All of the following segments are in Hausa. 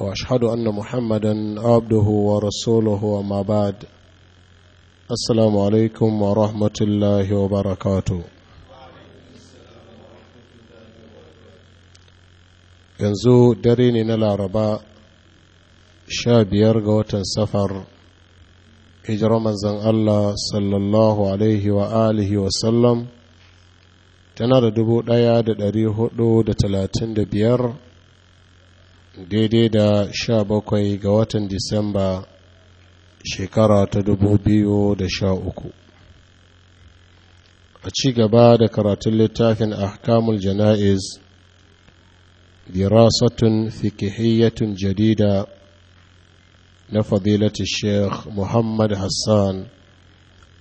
واشهد ان محمدا عبده ورسوله وما بعد السلام عليكم ورحمه الله وبركاته yanzu dare ne na laraba sha biyar ga watan safar hijira manzan allah sallallahu alaihi wa alihi tana da dubu daya da dari hudu da talatin da biyar daidai da sha bakwai ga watan disamba shekara ta dubu biyu da sha uku a ci gaba da karatun littafin ahkamul jana'iz dirasatun fikihiyatun jadida na fadilati sheikh muhammad hassan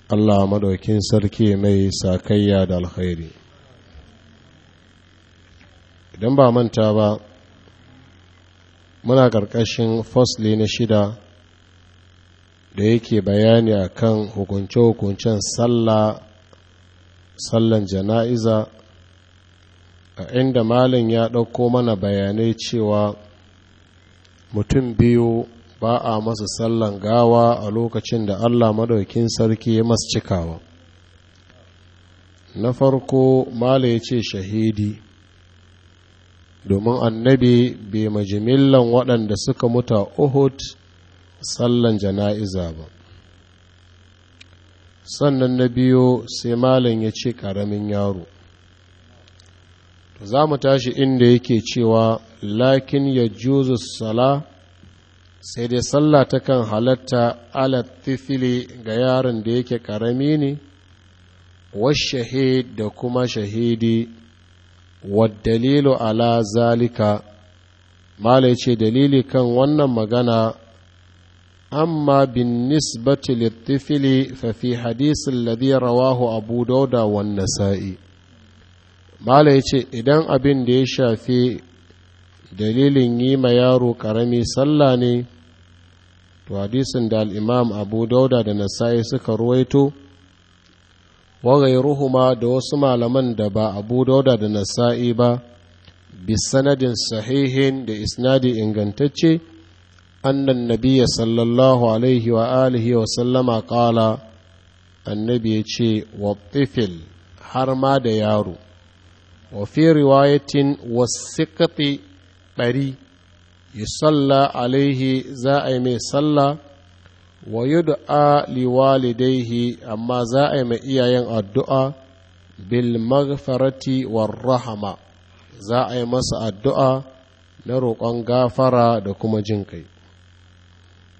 allah madaukin sarki mai sakayya da alkhairi idan ba manta ba muna ƙarƙashin fosli na shida da yake bayani a kan hukunce-hukuncen sallah sallan jana'iza a inda malin ya ɗauko mana bayanai cewa mutum biyu ba a masa sallan gawa a lokacin da allah maɗaukin sarki ya masu cikawa na farko malin ya ce shahidi domin annabi bai majimillan waɗanda suka muta a uhud sallan jana'iza ba sannan na biyo sai malam ya ce ƙaramin yaro za mu tashi inda yake cewa lakin ya juzu sala sai dai sallah takan halatta tifili ga yaron da yake ƙarami ne shahid da kuma shahidi waddalilu ala zalika mala ce dalili kan wannan magana amma bin nisbati littifili fa fi hadisin a rawahu abu dauda wan nasa'i ce idan abin da ya shafi dalilin yi ma yaro karami sallah ne to hadisin da al'imam abu dauda da nasa'i suka ruwaito wa ghayruhuma da wasu malaman da ba Abu Dauda da Nasa'i ba bi sanadin sahihin da isnadi ingantacce annan nabiyya sallallahu alaihi wa alihi wa sallama qala annabi ya ce wa tifil har ma da yaro wa fi riwayatin wasiqati ɗari yusalla alaihi za a yi mai sallah wa yud'a liwalidaihi amma za a yi mai iyayen addu'a bil magfarati war rahama za a yi masa addu'a na roƙon gafara da kuma jin kai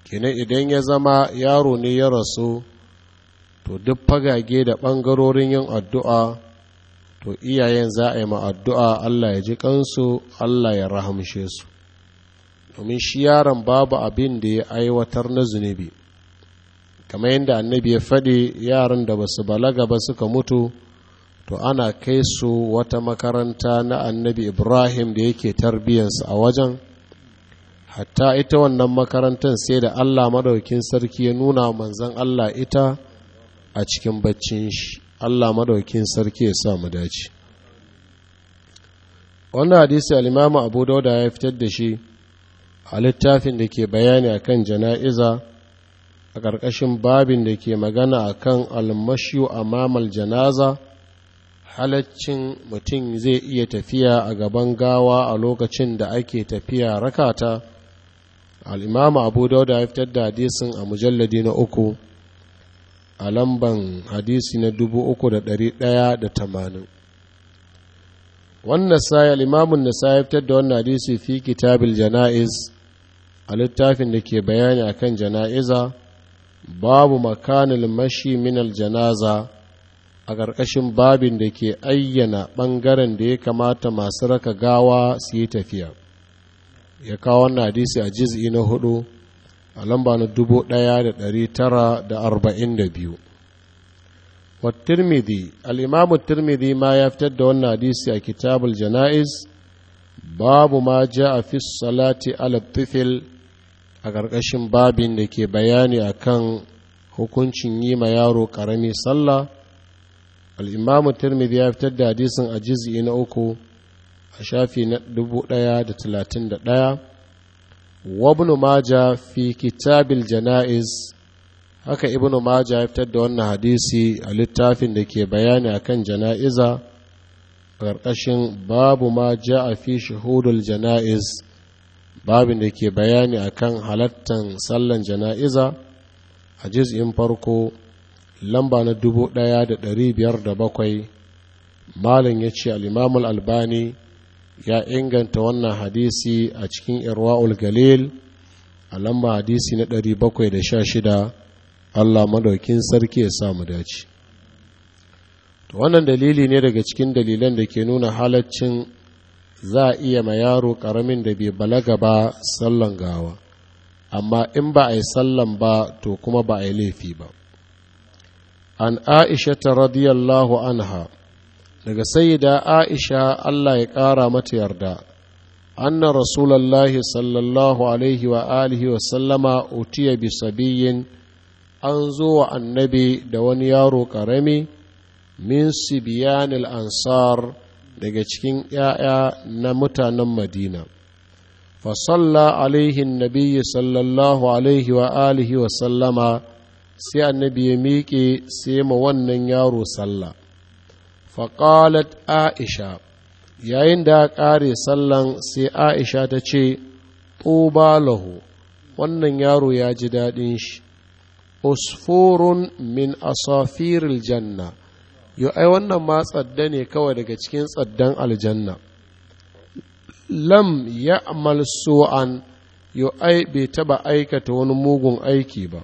kenan idan ya zama yaro ne ya rasu to duk fagage da ɓangarorin yin addu'a to iyayen za a yi ma addu'a Allah ya ji kansu Allah ya rahamshe su domin shi yaron babu abin da ya aiwatar na zunubi kamar yadda annabi ya faɗi yaran da basu balaga ba suka mutu to ana kai su wata makaranta na annabi ibrahim da yake tarbiyyarsu a wajen hatta ita wannan makarantar sai da allah madaukin sarki ya nuna manzan allah ita a cikin baccin shi allah madaukin sarki ya sa mu dace wannan hadisi alimamu abu dauda ya fitar da shi a littafin da ke bayani akan jana'iza a ƙarƙashin babin da ke magana a kan almashiyu a mamal janaza halaccin mutum zai iya tafiya a gaban gawa a lokacin da ake tafiya rakata al'imamu abu dauda ya fitar da hadisin a mujalladi na uku a lamban hadisi na dubu uku da ɗari ɗaya da tamanin wannan sayi al'imamun na sayi fitar da wannan hadisi fi kitabil jana'iz a littafin da ke bayani a kan jana'iza babu makanil mashi minal janaza a ƙarƙashin babin da ke ayyana ɓangaren da ya kamata masu raka gawa su yi tafiya ya kawo wannan hadisi a jiz'i na hudu a lamba na dubu ɗaya da ɗari tara da arba'in da biyu والترمذي الإمام الترمذي ما يفتد أن حديث كتاب الجنائز باب ما جاء في salati على الطفل a ƙarƙashin babin da ke bayani a kan hukuncin yi ma yaro ƙarami sallah al'imamu tirmidhi ya fitar da hadisin a jizi na uku a shafi na dubu ɗaya da da talatin ɗaya wabnu maja fi kitabil jana'iz haka ibnu maja ya fitar da wannan hadisi a littafin da ke bayani a kan jana'iza ƙarƙashin babu ma ja a fi shahudul jana'iz babin da ke bayani akan halattan sallan jana'iza a jiz'in farko lamba na bakwai malin ya ce al'imamul albani ya inganta wannan hadisi a cikin irwa'ul galil a lamba hadisi na da 716 allah madaukin sarki ya samu dace wannan dalili ne daga cikin dalilan da ke nuna halaccin za a iya ma yaro ƙaramin da bai balaga ba sallan gawa amma in ba a yi sallan ba to kuma ba a yi laifi ba an aisha ta radiyallahu anha daga sayida aisha allah ya ƙara mata yarda anna Rasulallah sallallahu alaihi wa alihi wa sallama utiya bi sabiyin an zo wa annabi da wani yaro ƙarami min sibiyanil ansar daga cikin ‘ya'ya na mutanen madina fasalla alaihin nabiyyi sallallahu alaihi wa alihi wa sallama sai annabi ya miƙe sai ma wannan yaro sallah faƙalat aisha yayin da ƙare sallan sai aisha ta ce tuba lahu wannan yaro ya ji daɗin shi usfurun min asafiril janna yo ai wannan ma tsadda ne kawai daga cikin tsaddan aljanna lam ya amal su'an yo ai bai taba aikata wani mugun aiki ba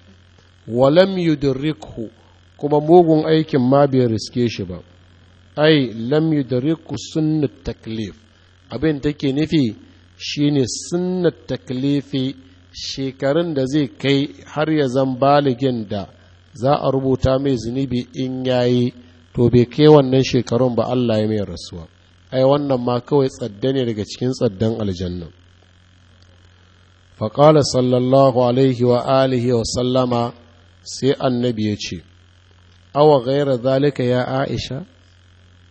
walam yudrikhu kuma mugun aikin ma bai riske shi ba ai lam yudrikhu sunnat taklif abin take nufi shine sunnat taklifi shekarun da zai kai har ya zan baligin da za a rubuta mai zunubi in yayi to bai kai wannan shekarun ba Allah ya mai rasuwa ai wannan ma kawai tsadda ne daga cikin tsaddan aljanna faƙala sallallahu alaihi wa alihi wa sallama sai annabi ya ce awa gaira zalika ya aisha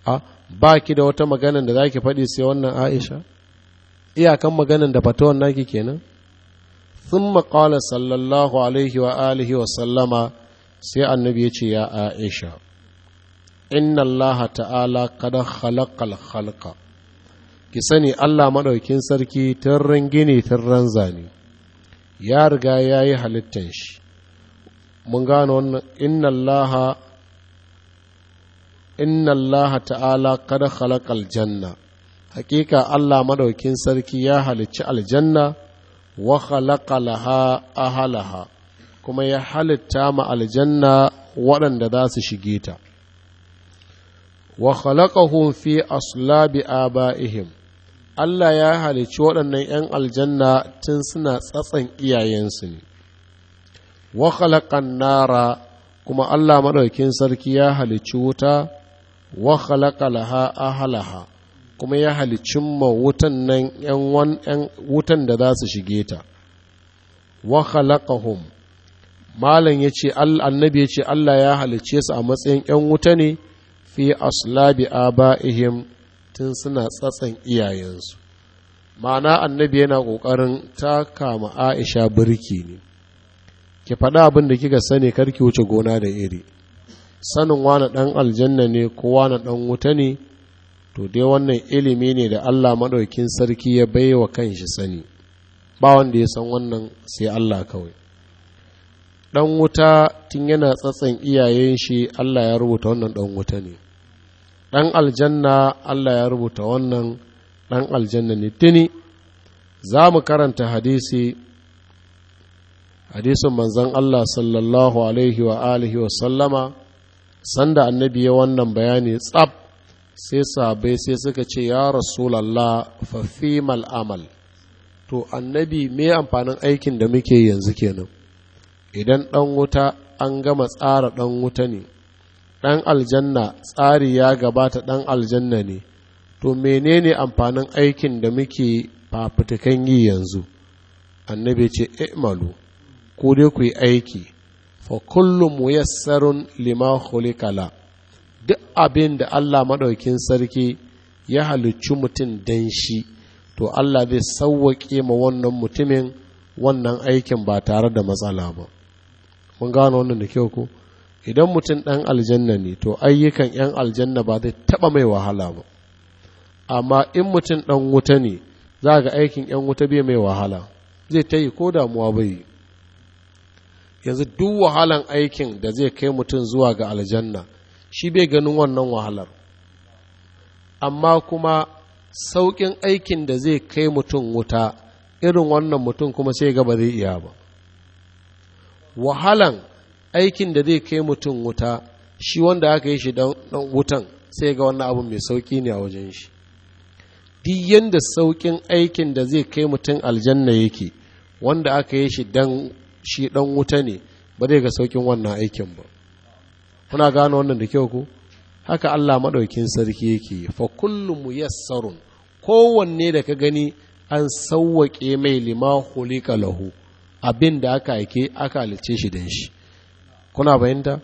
a ba ki da wata maganin da za ki faɗi sai wannan aisha iyakan maganin da wannan naki kenan sun maƙala sallallahu alaihi wa alihi wa sallama sai annabi ya ce ya aisha inna Allah ta'ala kada khalaqal khalqa ki sani Allah madaukin sarki tarren gini ranza zane ya riga yayi yi halittan shi mun gano wannan inna Allah inna Allah ta'ala kada khalaqal janna hakika Allah maɗaukin sarki ya halicci aljanna wa khalaqalaha ahalaha kuma ya halitta ma aljanna waɗanda za su shige ta wa khalaqahum fi aslabi aba'ihim Allah ya halicci waɗannan ‘yan aljanna tun suna tsatsan iyayensu ne, wa khalaqan nara kuma Allah maɗaukin sarki ya halicci wuta, wa khalaqalaha ahalaha kuma ya halicci ma wutan nan ‘yan wutan da za su shige ta, wa khalaqahum Malam ya annabi ya ce Allah ya halicce su a matsayin ‘yan wuta ne, fi aslabi aba'ihim tun suna tsatsan iyayensu ma'ana annabi yana ƙoƙarin ta kama aisha birki ne ki faɗa abin da kika sani kar ki wuce gona da iri sanin wani ɗan aljanna ne ko wani ɗan wuta ne to dai wannan ilimi ne da allah maɗaukin sarki ya bai wa kanshi sani ba wanda ya san wannan sai allah kawai ɗan wuta tun yana tsatsan iyayen shi allah ya rubuta wannan ɗan wuta ne ɗan aljanna Allah ya rubuta wannan ɗan aljanna ne tuni za mu karanta hadisi hadisin manzon Allah sallallahu alaihi wa alihi wa sallama sanda annabi ya wannan bayani tsab sai sabai sai suka ce ya rasulallah fa fimal amal to annabi me amfanin aikin da muke yanzu kenan idan ɗan wuta an gama tsara ɗan wuta ne ɗan aljanna tsari ya gabata ɗan aljanna ne to menene amfanin aikin da muke fafutukan yi yanzu annabi ce i'malu ko dai ku yi aiki fa kullum muyassarun lima khuliqala duk abin da Allah maɗaukin sarki ya halicci mutum dan shi to Allah zai sauwaƙe ma wannan mutumin wannan aikin ba tare da matsala ba mun gano wannan da kyau ko idan mutum ɗan aljanna ne to ayyukan 'yan aljanna ba zai taɓa mai wahala ba amma in mutum ɗan wuta ne za ga aikin 'yan wuta bai mai wahala zai ta yi ko damuwa bai yi yanzu duk wahalan aikin da zai kai mutum zuwa ga aljanna shi bai ganin wannan wahalar amma kuma sauƙin aikin da zai kai mutum wuta irin wannan mutum kuma sai gaba zai iya ba wahalan aikin da zai kai mutum wuta shi wanda aka yi shi dan wutan sai ga wannan abu mai sauki ne a wajen shi duk yanda saukin aikin da zai kai mutum aljanna yake wanda aka yi shi dan shi dan wuta ne ba zai ga saukin wannan aikin ba kuna gano wannan da kyau ko haka Allah maɗaukin sarki yake fa kullum yassarun kowanne da ka gani an sauwaƙe mai lima lahu abin da aka aike aka halice shi dan shi kuna bayanta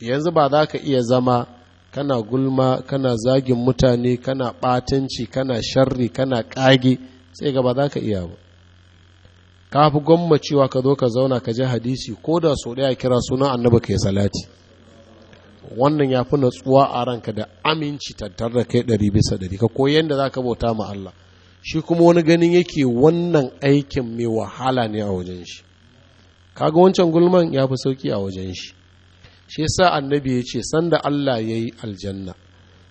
yanzu ba za ka iya zama kana gulma kana zagin mutane kana ɓatanci kana sharri kana ƙage sai ga ba za ka iya ba ka fi cewa ka zo ka zauna ka ji hadisi ko da sau ɗaya kira sunan annabi ka yi salati wannan ya fi natsuwa a ranka da aminci tattar da kai ɗari bisa ɗari ka koyi yadda za ka bauta ma Allah shi kuma wani ganin yake wannan aikin mai wahala ne a wajen shi kaga wancan gulman ya fi sauki a wajen shi shi sa annabi ya ce sanda Allah ya yi aljanna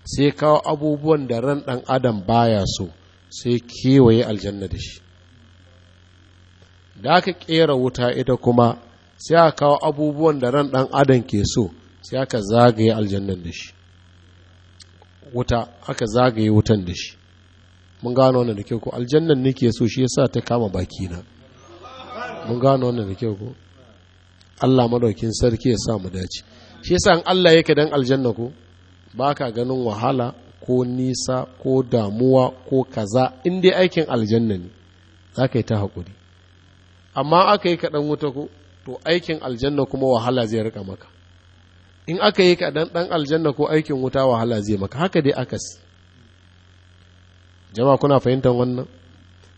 sai kawo abubuwan da ran ɗan adam baya so sai kewaye aljanna da shi da aka ƙera wuta ita kuma sai aka kawo abubuwan da ran ɗan adam ke so sai aka zagaye aljannan da shi wuta aka zagaye wutan da shi mun gano wannan da kyau ko aljannan nake so shi yasa ta kama bakina mun gano wannan da kyau ko Allah madaukin sarki ya sa mu dace shi yasa in Allah yake dan aljanna ko baka ganin wahala ko nisa ko damuwa ko kaza in dai aikin aljanna ne zaka yi ta hakuri amma aka yi dan wuta ko to aikin aljanna kuma wahala zai rika maka in aka yi kaɗan dan aljanna ko aikin wuta wahala zai maka haka dai akas jama'a kuna fahimtar wannan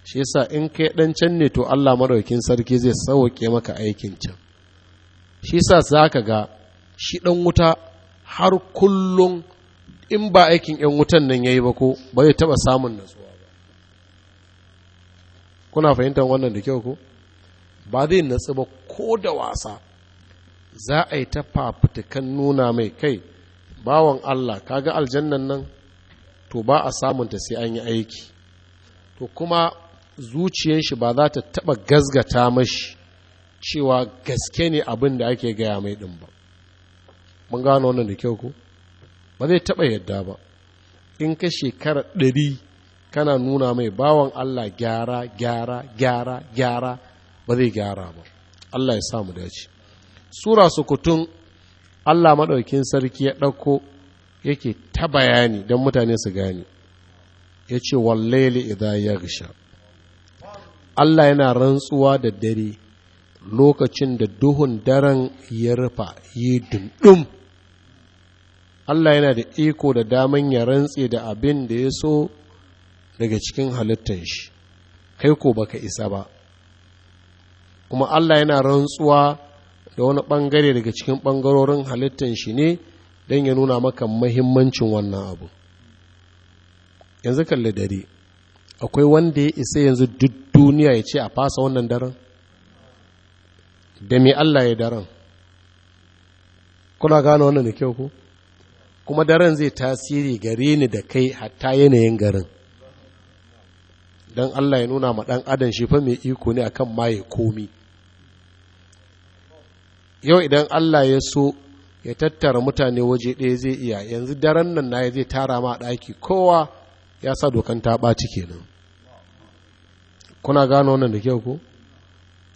shi yasa in kai dan can ne to Allah madaukin sarki zai sauke maka aikin can shi yasa zaka ga shi dan wuta har kullum in ba aikin yan wutan nan yayi ba ko ba zai taba samun natsuwa ba kuna fahimtar wannan da kyau ko ba zai natsu ba ko da wasa za a yi ta fafutukan nuna mai kai bawan Allah kaga aljannan nan to ba a samunta sai an yi aiki to kuma zuciyar shi ba za ta taɓa gazgata mashi cewa gaske ne abin da ake gaya mai din ba mun gano wannan da kyau ko ba zai taba yadda ba in ka shekara ɗari kana nuna mai bawan Allah gyara gyara gyara gyara ba zai gyara ba Allah ya samu dace sura sukutun Allah maɗaukin sarki ya ɗauko yake ta bayani don mutane su gane ya ce wallaili idan ya gisha Allah yana rantsuwa da dare lokacin da duhun daren ya rufa yi dundum Allah yana da iko da daman ya rantse da abin da ya so daga cikin halittar shi kai ko baka isa ba kuma Allah yana rantsuwa da wani ɓangare daga cikin ɓangarorin halittar shi ne don ya nuna maka mahimmancin wannan abu yanzu kalli dare akwai wanda ya isa yanzu duk duniya ya ce a fasa wannan daren da mai Allah ya daren kuna gano wannan da kyau ku kuma daren zai tasiri gare ni da kai hatta yanayin garin don Allah ya nuna ma ɗan adam shi fa mai iko ne akan maye komi yau idan Allah ya so ya tattara mutane waje ɗaya zai iya yanzu daren nan na zai tara ma ɗaki kowa ya sa dokan ta ɓaci kenan kuna gano wannan da kyau ko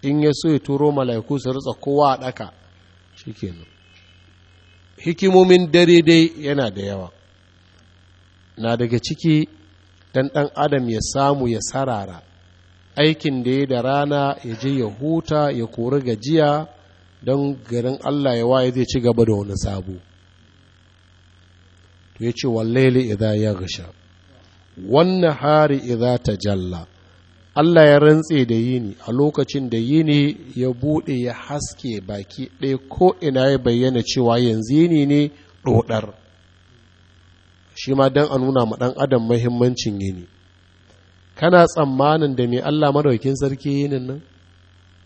in ya so ya turo mala'iku su rutsa kowa a ɗaka shi kenan hikimomin dare dai yana da yawa na daga ciki dan ɗan adam ya samu ya sarara aikin da ya da rana ya je ya huta ya kori gajiya don garin allah ya waye zai ci gaba da wani sabo to ya ce wallele idan ya gasha wannan hari idan ta jalla Allah ya rantse da yini a lokacin da yini ya buɗe ya haske baki ɗaya ko ina ya bayyana cewa yanzu yini ne ɗoɗar shi ma don a nuna ma ɗan adam mahimmancin yini kana tsammanin da mai Allah madaukin sarki yinin nan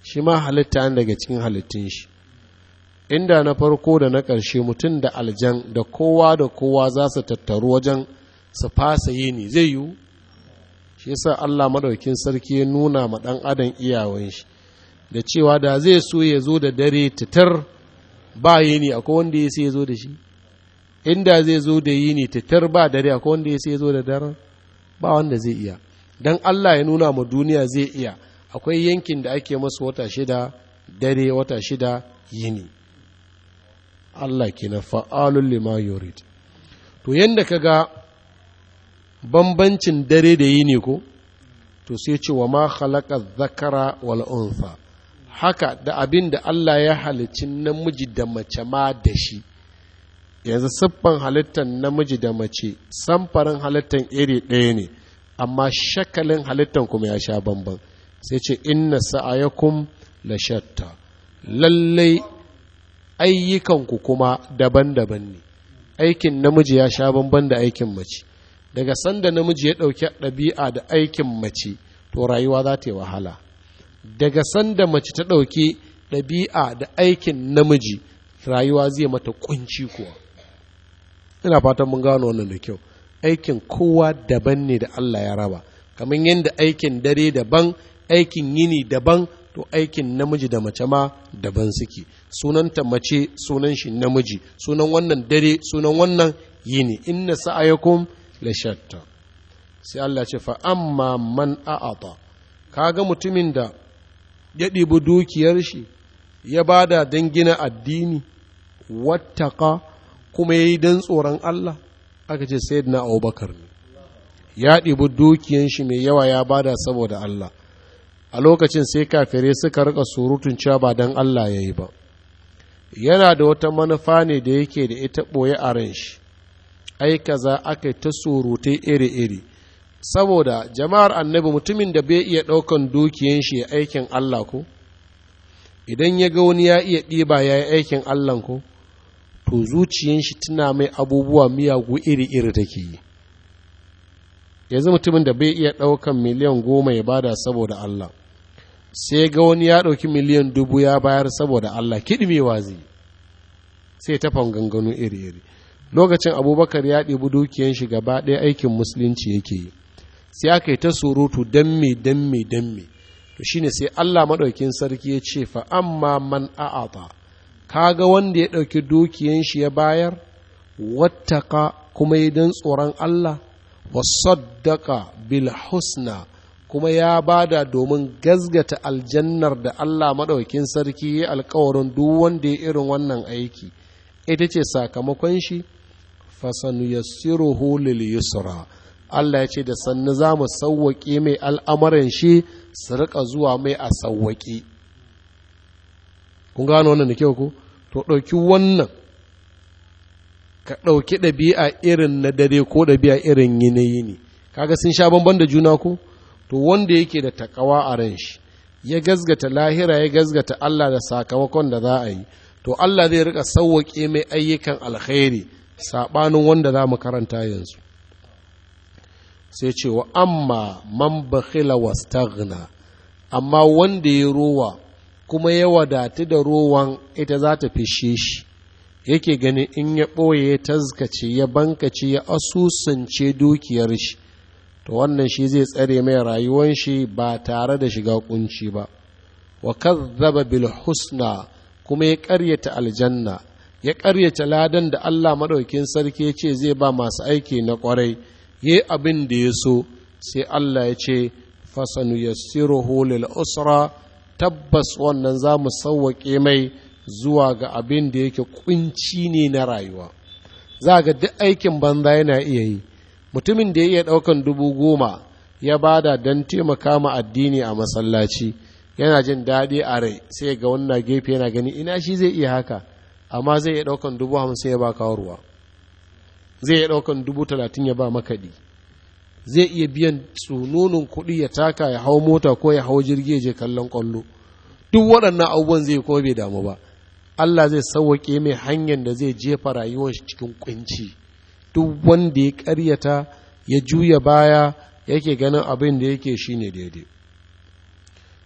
shi ma halitta daga cikin halittun shi inda na farko da na ƙarshe mutum da aljan da kowa da kowa za su tattaru wajen su fasa yini zai yiwu shi yasa Allah madaukin sarki ya nuna ma dan adam iyawan shi da cewa da zai so ya zo da dare titar ba yini akwai wanda ya sai ya zo da shi inda zai zo da yini titar ba dare akwai wanda ya sai ya zo da dare. ba wanda zai iya dan Allah ya nuna ma duniya zai iya akwai yankin da ake masa wata shida dare wata shida yini Allah ke na fa'alun lima yurid to yadda ka ga bambancin dare da yini ko to sai ce wa ma khalaqa zakara wal unsa haka da abin da Allah ya halicci namiji da mace ma da shi yanzu siffan halittar namiji da mace samfarin halittar iri ɗaya ne amma shakalin halittar kuma ya sha bamban sai ce inna sa'ayakum la shatta lallai ayyukanku kuma daban-daban ne aikin namiji ya sha bamban da aikin mace daga sanda namiji ya ɗauki ɗabi'a da aikin mace to rayuwa za ta yi wahala daga sanda mace ta ɗauki ɗabi'a da aikin namiji rayuwa zai mata kunci kuwa ina fatan mun gano wannan da kyau aikin kowa daban ne da Allah ya raba kamar yadda aikin dare daban aikin yini daban to aikin namiji da mace ma daban suke Sunan ta mace sunan shi namiji sunan wannan dare sunan wannan yini inna sa'ayakum lashatta sai Allah ce fa amma man a'ata kaga mutumin da ya ɗibi dukiyar shi ya bada don gina addini wattaka kuma ya yi don tsoron Allah aka ce sayyidina abubakar ne ya ɗibi dukiyar shi mai yawa ya bada saboda Allah a lokacin sai kafirai suka rika surutun cewa ba don Allah ya yi ba yana da wata manufa ne da yake da ita ɓoye a ran shi ai kaza aka ta surutai iri-iri saboda jama'ar annabi mutumin da bai iya ɗaukan dukiyan shi aikin Allah ko idan ya ga wani ya iya ɗiba ya yi aikin Allah ko to zuciyan shi tuna mai abubuwa miyagu iri-iri take yi yanzu mutumin da bai iya ɗaukan miliyan goma ya bada saboda Allah sai ga wani ya ɗauki miliyan dubu ya bayar saboda Allah mai wazi sai ta ganganu iri-iri lokacin abubakar ya ɗebi dukiyan shi gaba ɗaya aikin musulunci yake yi sai aka yi ta surutu don me don me don me to shine sai allah maɗaukin sarki ya ce fa amma man Ka ga wanda ya ɗauki dukiyan shi ya bayar wattaka kuma yi don tsoron allah wasaddaka bil husna kuma ya bada domin gazgata aljannar da Allah maɗaukin sarki ya alkawarin duk wanda ya irin wannan aiki ita ce sakamakon shi fasanuyassiruhu lil yusra Allah ya ce da sannu za mu sauwaƙe mai al'amarin shi su riƙa zuwa mai a Kun gano wannan da kyau ku? To, ɗauki wannan, ka ɗauki ɗabi'a irin na dare ko ɗabi'a irin yanayi ne, kaga sun sha bamban da juna ku? To, wanda yake da takawa a ran shi, ya gazgata lahira ya gazgata Allah da sakamakon da za a yi, to Allah zai riƙa sauwaƙe mai ayyukan alkhairi saɓanin wanda za mu karanta yanzu sai ce wa amma man bakhila wastaghna amma wanda ya rowa kuma ya wadatu da rowan ita za ta fishe shi yake ganin in ya ɓoye ya tazkace ya bankace ya asusance dukiyar shi to wannan shi zai tsare mai rayuwan shi ba tare da shiga kunci ba wa kazzaba bil husna kuma ya karyata aljanna ya ƙaryata ladan da Allah maɗaukin sarki ya ce zai ba masu aiki na kwarai ya yi abin da ya so sai Allah ya ce fasanu yassiruhu lil usra tabbas wannan za mu sauwaƙe mai zuwa ga abin da yake kunci ne na rayuwa za ga duk aikin banza yana iya yi mutumin da ya iya ɗaukan dubu goma ya bada don taimaka ma addini a masallaci yana jin daɗi a rai sai ga wannan gefe yana gani ina shi zai iya haka amma zai iya ɗaukan dubu hamsin ya ba kawarwa zai iya ɗaukan dubu talatin ya ba makaɗi zai iya biyan tsununin kuɗi ya taka ya hau mota ko ya hau jirgi ya je kallon ƙwallo duk waɗannan abubuwan zai kuma bai damu ba Allah zai sauwaƙe mai hanyar da zai jefa rayuwar shi cikin kunci duk wanda ya karyata ya juya baya yake ganin abin da yake shine daidai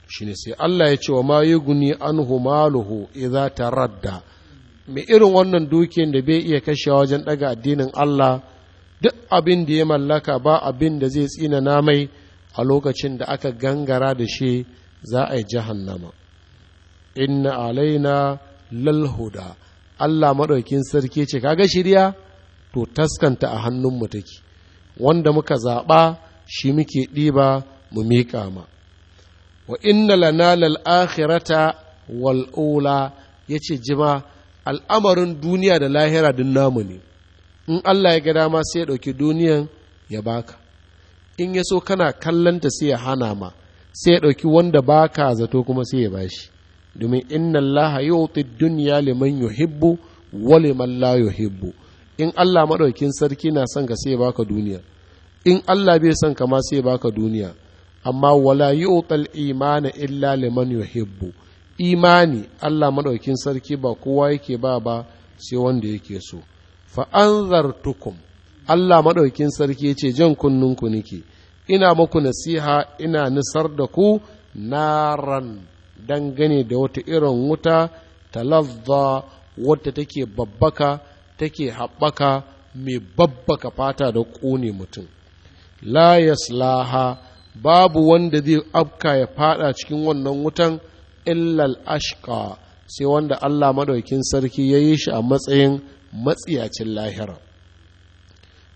shine sai Allah ya ce wa ma yughni anhu maluhu idza radda. mai irin wannan dukiyar da bai iya kashewa wajen ɗaga addinin Allah duk abin da ya mallaka ba abin da zai tsina namai a lokacin da aka gangara da shi za a yi jahannama inna alaina lalhuda Allah maɗaukin sarki ce kaga shirya to taskanta a hannunmu take wanda muka zaɓa shi muke ɗiba mu miƙa ma wa inna lana lal akhirata wal ya yace jima al'amarin duniya da lahira din namu ne in Allah ya ga dama sai ya ɗauki duniyan ya baka in ya so kana kallanta sai ya hana ma sai ya ɗauki wanda baka zato kuma sai ya bashi domin inna Allah yuti dunya liman yuhibbu wa liman la yuhibbu in Allah maɗaukin sarki na son ka sai ya baka duniya in Allah bai son ka ma sai ya baka duniya amma wala yu'tal imana illa liman yuhibbu imani Allah maɗaukin sarki ba kowa yake ba ba sai wanda yake so fa'anzartukum Allah maɗaukin sarki yace jan kunninku nike ina muku nasiha ina nisar da ku naran dangane da wata irin wuta talazza wadda take babbaka take haɓaka mai babbaka fata da ƙone mutum la yaslaha babu wanda zai afka ya fada cikin wannan wutan illal ashqa sai wanda Allah madaukin sarki ya yi shi a matsayin matsiyacin lahira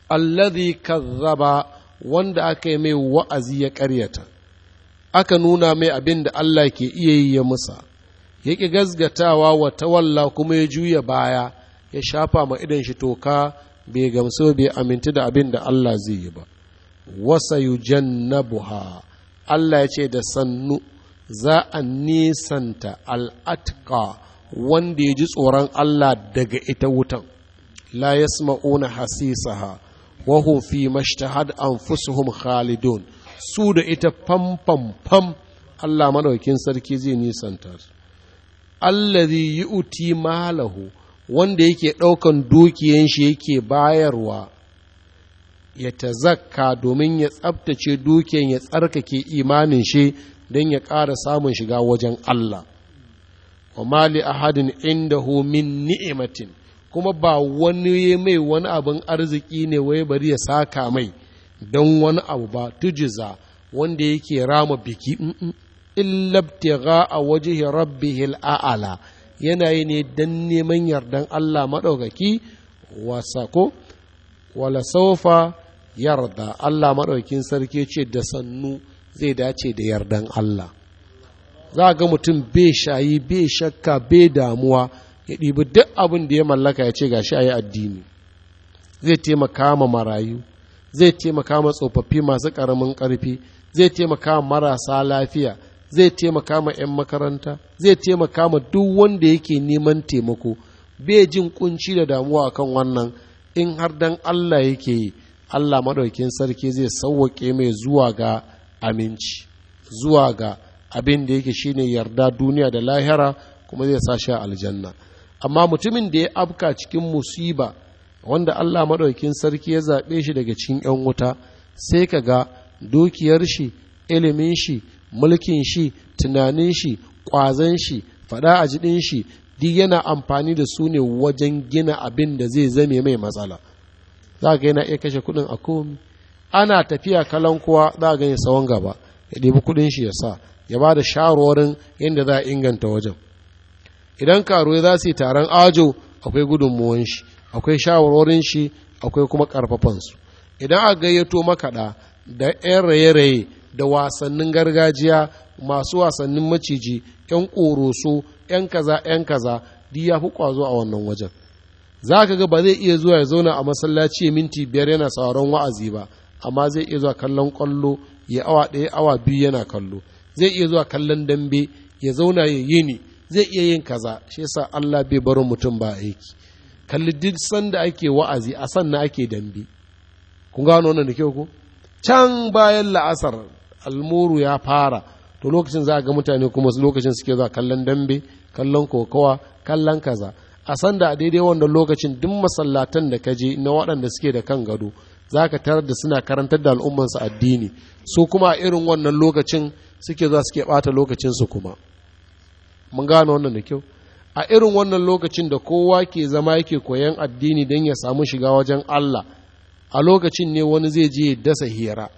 alladhi kazzaba wanda aka yi mai wa'azi ya karyata, aka nuna mai abin da Allah ke iya yi ya musa ya ƙi gazgatawa wa tawalla kuma ya juya baya ya shafa ma idan shi toka bai gamsu bai aminta da abin da Allah zai yi ba wasa yujannabuha Allah ya ce da sannu za a nisanta al'atka wanda ya ji tsoron Allah daga ita wutan la yasma'una hasisaha wa hum fi mashtahad anfusuhum khalidun su da ita fam fam fam Allah madaukin sarki zai nisanta su yi uti malahu wanda yake ɗaukan dukiyan shi yake bayarwa ya zakka domin ya tsabtace dukiyan ya tsarkake imanin shi don ya ƙara samun shiga wajen Allah wa mali ahadin hu min ni'imatin kuma ba wani ya mai wani abin arziki ne wai bari ya saka mai don wani abu ba tujiza wanda yake rama biki ga a wajihi rabbihil a'ala yana yi ne don neman yardan Allah maɗaukaki wasa ko wala saufa yarda Allah maɗaukin sarki ce da sannu zai dace da yardan Allah za ga mutum bai shayi bai shakka bai damuwa ya ɗibi duk abin da ya mallaka ya ce ga shi a yi addini zai taimaka ma marayu zai taimaka ma tsofaffi masu ƙaramin ƙarfi zai taimaka ma marasa lafiya zai taimaka ma 'yan makaranta zai taimaka ma duk wanda yake neman taimako bai jin kunci da damuwa kan wannan in har dan Allah yake yi Allah maɗaukin sarki zai sauwaƙe mai zuwa ga aminci zuwa ga abin da yake shine yarda duniya da lahira kuma zai sa shi aljanna amma mutumin da ya afka cikin musiba wanda Allah maɗaukin sarki ya zaɓe shi daga cikin 'yan wuta sai ka ga dukiyar shi ilimin shi mulkin shi tunanin shi ƙwazon shi faɗa a jidin shi duk yana amfani da su ne wajen gina abin da zai zame mai matsala za ka yana iya kashe kuɗin a komi ana tafiya kalan kuwa za a gani tsawon gaba ya ɗebi kuɗin shi ya sa ya ba da shawarwarin yadda za a inganta wajen idan karuwa za su yi taron ajo akwai gudunmuwan shi akwai shawarwarin shi akwai kuma ƙarfafansu idan a gayyato makaɗa da 'yan raye-raye da wasannin gargajiya masu wasannin maciji 'yan ƙoroso 'yan kaza 'yan kaza duk ya fi ƙwazo a wannan wajen za ka ga ba zai iya zuwa ya zauna a masallaci minti biyar yana sauran wa'azi ba amma zai iya zuwa kallon kwallo ya awa ɗaya awa biyu yana kallo zai iya zuwa kallon dambe ya zauna ya yi ni zai iya yin kaza shi yasa Allah bai barin mutum ba aiki kalli duk sanda ake wa'azi a sannan ake dambe kun gano wannan da kyau ko can bayan la'asar almuru ya fara to lokacin za a ga mutane kuma lokacin suke zuwa kallon dambe kallon kokawa kallon kaza a sanda a daidai wannan lokacin duk masallatan da ka je na waɗanda suke da kan gado za ka tarar da suna karantar da al'ummansu addini su kuma a irin wannan lokacin suke za suke ɓata lokacinsu kuma mun gano wannan da kyau a irin wannan lokacin da kowa ke zama yake koyan addini don ya samu shiga wajen Allah a lokacin ne wani zai je ya dasa hira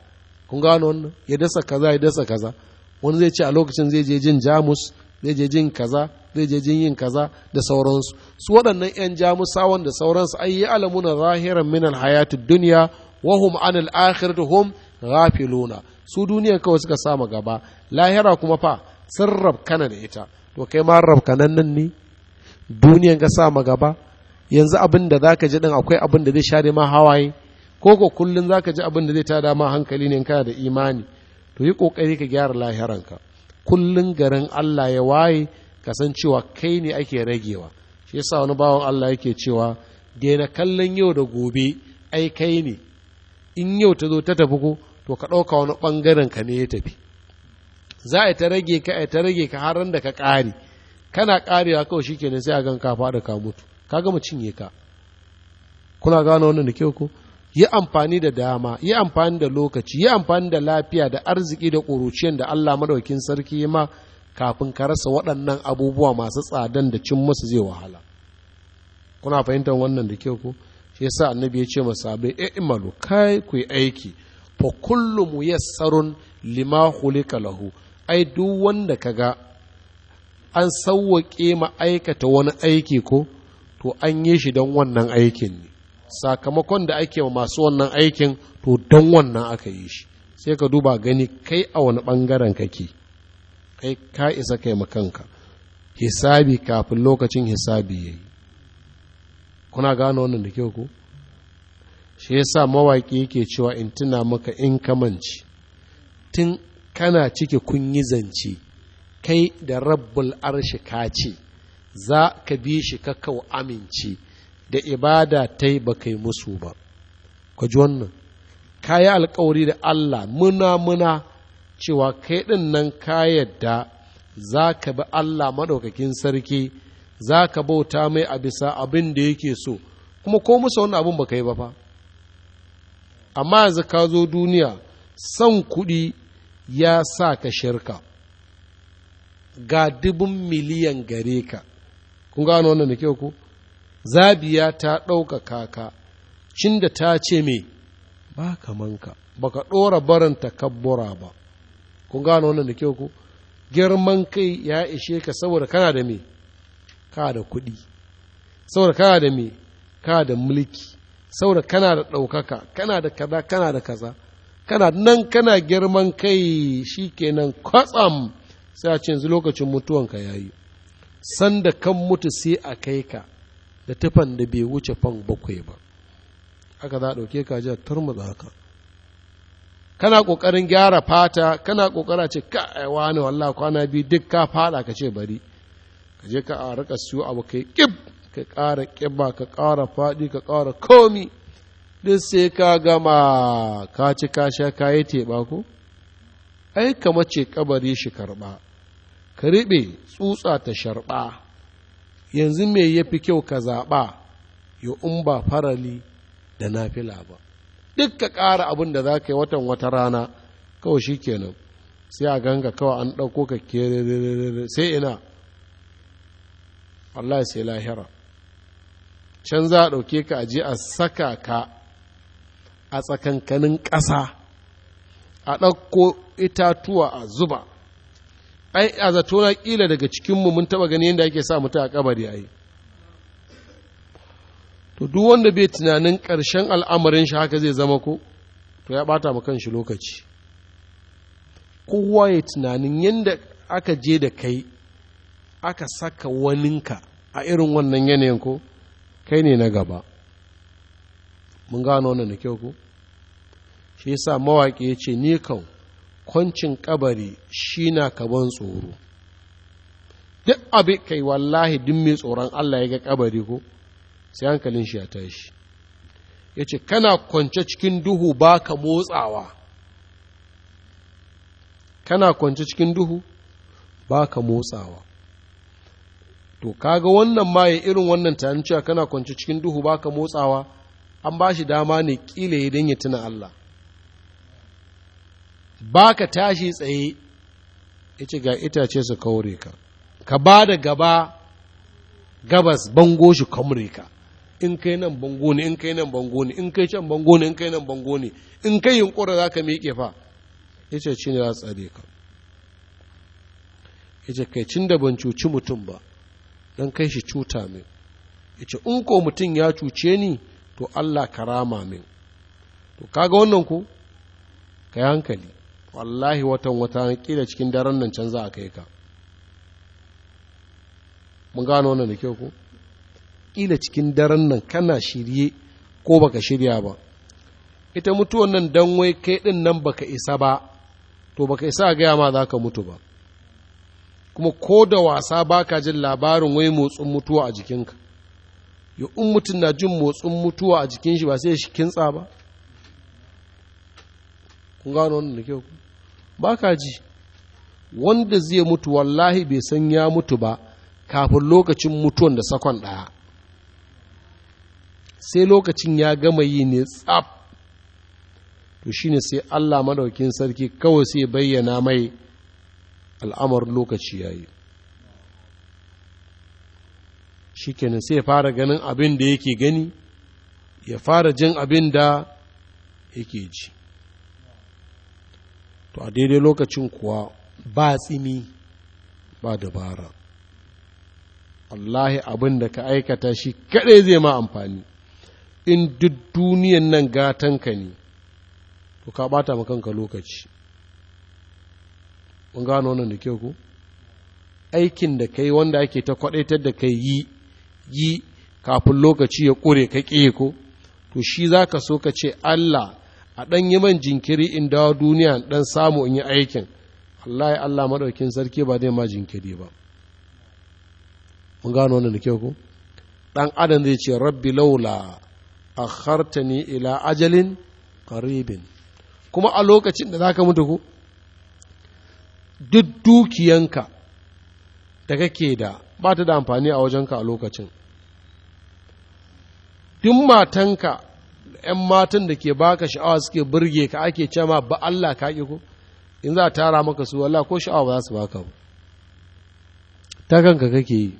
kun gano wannan ya dasa kaza ya dasa kaza wani zai ce a lokacin zai je jin jamus zai je jin kaza zai je yin kaza da sauransu su waɗannan 'yan jamusawan da sauransu ai yi alamuna zahiran minan hayati duniya wahum al'akhir da hum ghafiluna su duniya kawai suka sama gaba lahira kuma fa sun rabkana da ita to kai ma rabkanan nan ne duniyan ka sama gaba yanzu abin da zaka ji din akwai abin da zai share ma hawaye ko ko kullun zaka ji abin da zai tada ma hankali ne kana da imani to yi kokari ka gyara lahiranka kullum garin Allah ya waye kasan cewa kai ne ake ragewa shi yasa wani bawan Allah yake cewa daina kallon yau da gobe ai kai ne in yau ta zo ta tafi ko to ka ɗauka wani ɓangaren ka ne ya tafi za a ta rage ka a ta rage ka har da ka ƙare kana ƙarewa kawai kenan sai a gan ka faɗa ka mutu ka gama cinye ka kuna gano wannan da kyau ko yi amfani da dama yi amfani da lokaci yi amfani da lafiya da arziki da ƙuruciyar da Allah madaukin sarki ma kafin ka rasa waɗannan abubuwa masu tsadan da cin musu zai wahala kuna fahimtar wannan da kyau ko shi yasa annabi ya ce masa bai eh, i'malu kai ku yi aiki fa kullu muyassarun lima khuliqa lahu ai duk wanda ka ga an sawwake ma aikata wani aiki ko to an yi shi don wannan aikin ne sakamakon da ake wa masu wannan aikin to don wannan aka yi shi sai ka duba gani kai a wani bangaren kake kai ka isa kai makanka hisabi kafin lokacin hisabi ya yi kuna gano wannan da kyau ku shi yasa mawaƙi yake cewa in tuna maka in kamanci tun kana ciki kun yi zance kai da rabbul arshi ka ce za ka bi shi ka kau amince da ibada ta yi ba kai musu ba kaji ji wannan ka yi alkawari da allah muna muna cewa kai ɗin nan ka yadda za ka bi Allah maɗaukakin sarki za ka bauta mai a bisa abin da yake so kuma ko musa wani abin ba ka yi ba fa amma yanzu ka zo duniya son kuɗi ya sa ka shirka ga dubin miliyan gare ka kun gano wannan da kyau ku? zabiya ta ɗauka kaka, cin da ta ce me ba kamanka ba ka ɗora barin takabbura ba kun gano wannan da kyau ku girman kai ya ishe ka saboda kana da me ka da kuɗi saboda kana da me ka da mulki saboda kana da ɗaukaka kana da kaza kana da kaza kana nan kana girman kai shi kenan kwatsam sai a ce yanzu lokacin mutuwanka ya yi sanda kan mutu sai a kai ka da tufan da bai wuce fan bakwai ba haka za a ɗauke ka ji a turmuza haka kana ƙoƙarin gyara fata kana ƙoƙara ce ka wani ne walla kwana biyu duk ka fada ka ce bari ka je ka a rika siyo abu kai ƙib ka ƙara ƙiba ka ƙara faɗi ka ƙara komi duk sai ka gama ka ci ka sha ka yi teɓa ko ai ka mace kabari shi karɓa ka riɓe tsutsa ta sharɓa yanzu me ya fi kyau ka zaɓa ya in ba farali da nafila ba duk ka ƙara abin da za ka yi watan wata rana kawai shi kenan sai a ganga kawai an ɗauko ka kere sai ina Allah sai lahira can za a ɗauke ka je a saka ka a tsakankanin ƙasa a ɗauko itatuwa a zuba ai a zato na ƙila daga cikinmu mun taɓa gani yadda ake sa mutu a kabari a yi to duk wanda bai tunanin ƙarshen al'amarin shi haka zai zama ko to ya ɓata ma kanshi lokaci kowa ya tunanin yadda aka je da kai aka saka waninka a irin wannan yanayin ko kai ne na gaba mun gano wannan da kyau ko shi yasa mawaƙi ya ce ni kan kwancin kabari shi na kaban tsoro duk abin kai wallahi duk mai tsoron allah ya ga kabari ko sai hankalin shi ya tashi ya ce kana kwance cikin duhu ba ka motsawa kana kwance cikin duhu ba ka motsawa to kaga wannan ma ya irin wannan tanin cewa kana kwance cikin duhu ba ka motsawa an ba shi dama ne kila ya don ya tuna Allah ba ka tashi tsaye ya ce ga itace su kaure ka ka ba da gaba gabas bango shi kamure ka in kai nan bango ne in kai nan bango ne in kai can bango ne in kai nan bango ne in kai yunkura za ka miƙe fa ya ce ne za tsare ka ya kai cin da ban cuci mutum ba don kai shi cuta min ya in ko mutum ya cuce ni to Allah karama min to kaga wannan ku kai hankali wallahi watan wata kila cikin daren nan can za a kai ka mun gano wannan da kyau ku kila cikin daren nan kana shirye ko baka shirya ba ita mutuwan nan dan wai kai din nan baka isa ba to baka isa gaya ma za ka mutu ba kuma ko da wasa baka jin labarin wai motsin mutuwa a jikinka ya in na jin motsin mutuwa a jikin shi ba sai shi kintsa ba kun gano wannan da kyau ba ji wanda zai mutu wallahi bai san ya mutu ba kafin lokacin mutuwan da sakon ɗaya sai lokacin ya gama yi ne tsaf to shine sai Allah Maɗaukin sarki kawai sai bayyana mai al'amar lokaci ya yi. shi kenan sai fara ganin abin da yake gani ya fara jin abin da yake ji to a daidai lokacin kuwa ba tsimi ba dabara wallahi abin da ka aikata shi kaɗai zai ma amfani in duk duniyan nan gatanka ne to ka ɓata ma kanka lokaci mun gano wannan da kyau ku aikin da kai wanda ake ta kwaɗaitar da kai yi yi kafin lokaci ya ƙure ka ke ko to shi za ka so ka ce Allah a ɗan yi man jinkiri in dawo duniya ɗan samu in yi aikin Allah ya Allah maɗaukin sarki ba zai ma jinkiri ba mun gano wannan da kyau ku ɗan adam zai ce rabbi laula akhartani ila ajalin qaribin kuma a lokacin da zaka mutu ko duk dukiyanka da kake da ba ta da amfani a wajenka a lokacin duk matanka ‘yan matan da ke baka sha'awa suke burge ka ake cema ba Allah ka ko in za a tara maka su wallah ko sha'awa ba za su baka ba ta kanka kake yi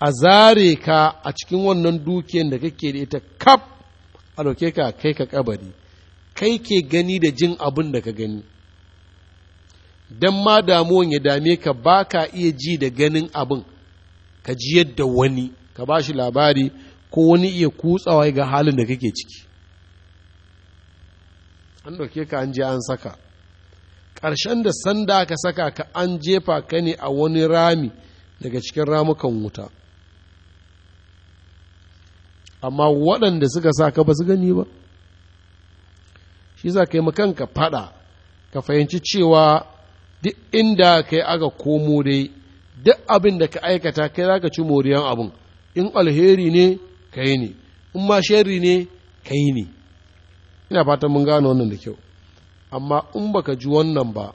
a zare ka a cikin wannan dukiyar da kake da ita kaf a ɗauke ka kai ka kabari kai ke gani da jin abin da ka gani don ma damuwan ya dame ka ba ka iya ji da ganin abin ka ji yadda wani ka ba shi labari ko wani iya kutsawa ga halin da kake ciki an ɗauke ka an je an saka ƙarshen da sanda ka saka ka an jefa ka ne a wani rami daga cikin ramukan wuta amma waɗanda suka sa ka ba su gani ba shi ka kai makanka faɗa ka fahimci cewa duk inda ka yi aka komo dai duk abin da ka aikata kai za ka ci moriyan abin in alheri ne ka yi ne in ma sharri ne yi ne ina fatan mun gane wannan da kyau amma in baka ji wannan ba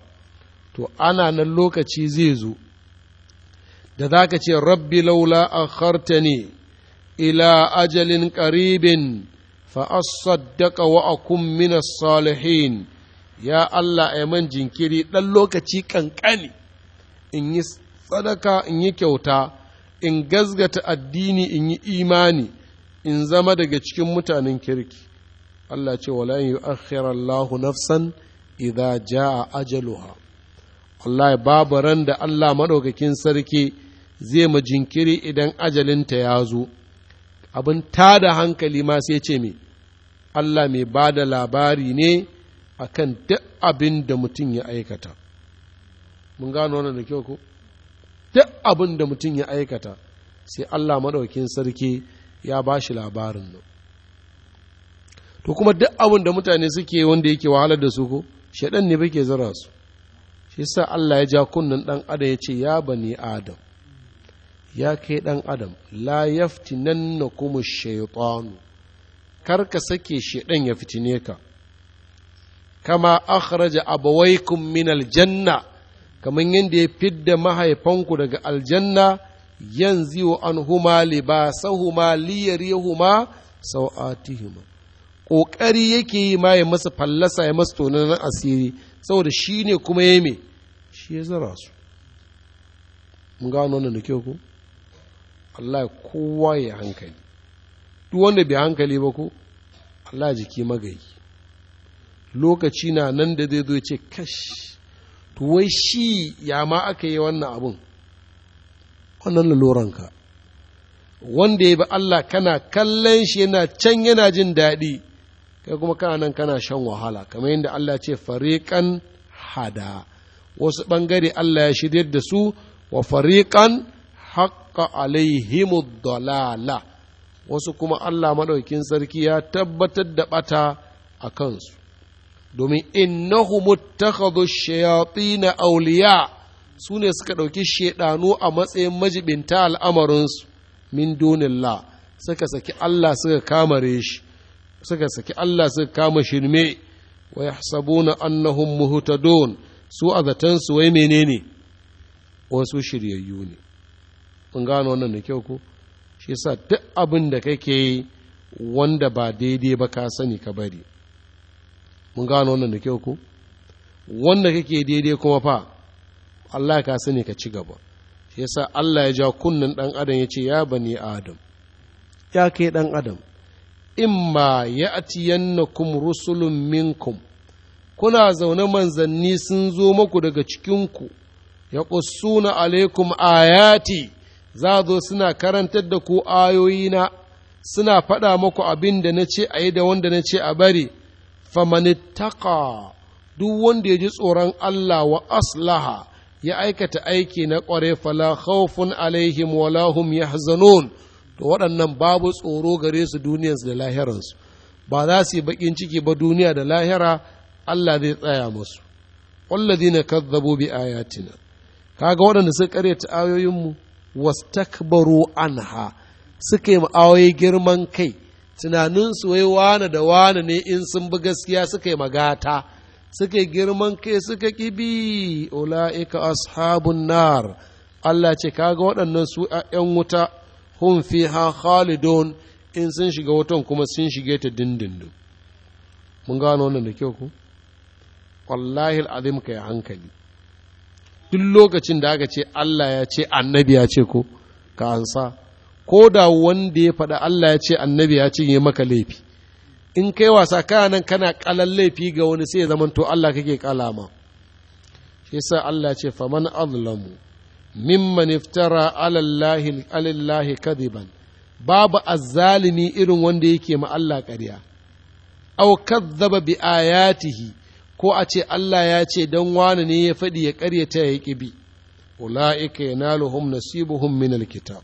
to ana nan lokaci zai zo da za ka ce rabbi laula akhartani ila ajalin ƙaribin fa'asaddaka wa akun minas salihin ya Allah a man jinkiri ɗan lokaci ƙanƙani in yi sadaka in yi kyauta in gazgata addini in yi imani in zama daga cikin mutanen kirki Allah ce wala yi Allahu nafsan idza jaa ajaluha wallahi babu ran da Allah maɗaukakin sarki zai ma jinkiri idan ajalinta ya zo abin tada hankali ma sai ce me Allah mai ba da labari ne a kan duk abin da mutum ya aikata mun gano wannan da kyau ko duk abin da mutum ya aikata sai Allah maɗaukin sarki ya ba shi labarin nan to kuma duk abin da mutane suke wanda yake wahalar da su ko shaɗan ne ke zara su shi sa Allah ya ja kunnen ɗan adam ya ce ya bani adam ya kai ɗan adam la yaftinan na kuma shaitanu kar ka sake shaidan ya fitine ka kama akhraja abawaikum min aljanna kamar yadda ya fidda mahaifanku daga aljanna yanzu wa an huma libasahuma liyarihuma sau'atihima ƙoƙari yake yi ma ya masa fallasa ya masa asiri saboda shi ne kuma ya me shi ya zara su mun gano wannan da kyau ko Allah kowa ya hankali duk wanda bai hankali ba ko Allah jiki magayi lokaci na nan da zai zo ce kash to wai shi ya ma aka yi wannan abun wannan laluranka wanda ya bi Allah kana kallon shi yana can yana jin daɗi kai kuma kana nan kana shan wahala kamar yadda Allah ce fariƙan hada wasu ɓangare Allah ya shiryar da su wa fariƙan haƙƙa alaihimud dalala wasu kuma Allah maɗaukin sarki ya tabbatar da ɓata a kansu domin innahu ittakhadhu shayatin awliya su ne suka ɗauki shaidanu a matsayin majibinta al'amarinsu min dunillah suka saki Allah suka kamare shi suka saki Allah suka kama shirme wa yahsabuna annahun muhutadon su a zaton wai menene wasu shiryayyu ne mun gano wannan da kyau ko shi yasa duk abin da kake yi wanda ba daidai ba ka sani ka bari mun gano wannan da kyau ko wanda kake daidai kuma fa Allah ka sani ka ci gaba shi yasa Allah ya ja kunnen dan adam ya ce ya bani adam ya kai dan adam imma ya'tiyannakum rusulun minkum kuna zaune manzanni sun zo maku daga cikinku ya ƙusuna alaikum ayati za a zo suna karantar da ku ayoyina suna faɗa muku abin da na ce a yi da wanda na ce a bari famanittaka duk wanda ya ji tsoron Allah wa aslaha ya aikata aiki na ƙware fala khawfun alaihim walahum ya yahzanun to waɗannan babu tsoro gare su duniyarsu da lahiransu ba za su yi baƙin ciki ba duniya da lahira Allah zai tsaya musu wallazina kazzabu bi ayatina kaga waɗanda suka karyata ayoyinmu wastakbaru anha suka yi awai girman kai tunaninsu wai wane da wane ne in sun bi gaskiya suka yi magata suka yi girman kai suka kibi ula'ika ashabun nar Allah ce kaga waɗannan su ‘yan wuta hun fi ha khalidun in sun shiga wutan kuma sun shige ta dindindin mun gano wannan da kyau ku wallahi al'azim kai hankali duk lokacin da aka ce Allah ya ce annabi ya ce ko ka ansa ko da wanda ya faɗa Allah ya ce annabi ya cinye maka laifi in kai wasa kana nan kana kalan laifi ga wani sai ya zamanto Allah kake kalama shi yasa Allah ya ce faman azlamu mimman iftara alallahi alallahi kadiban babu azzalimi irin wanda yake ma Allah ƙarya aw kadzaba bi ayatihi ko a ce Allah ya ce don wani ne ya faɗi ya ƙaryata ya ƙi bi ula'ika yanaluhum nasibuhum min alkitab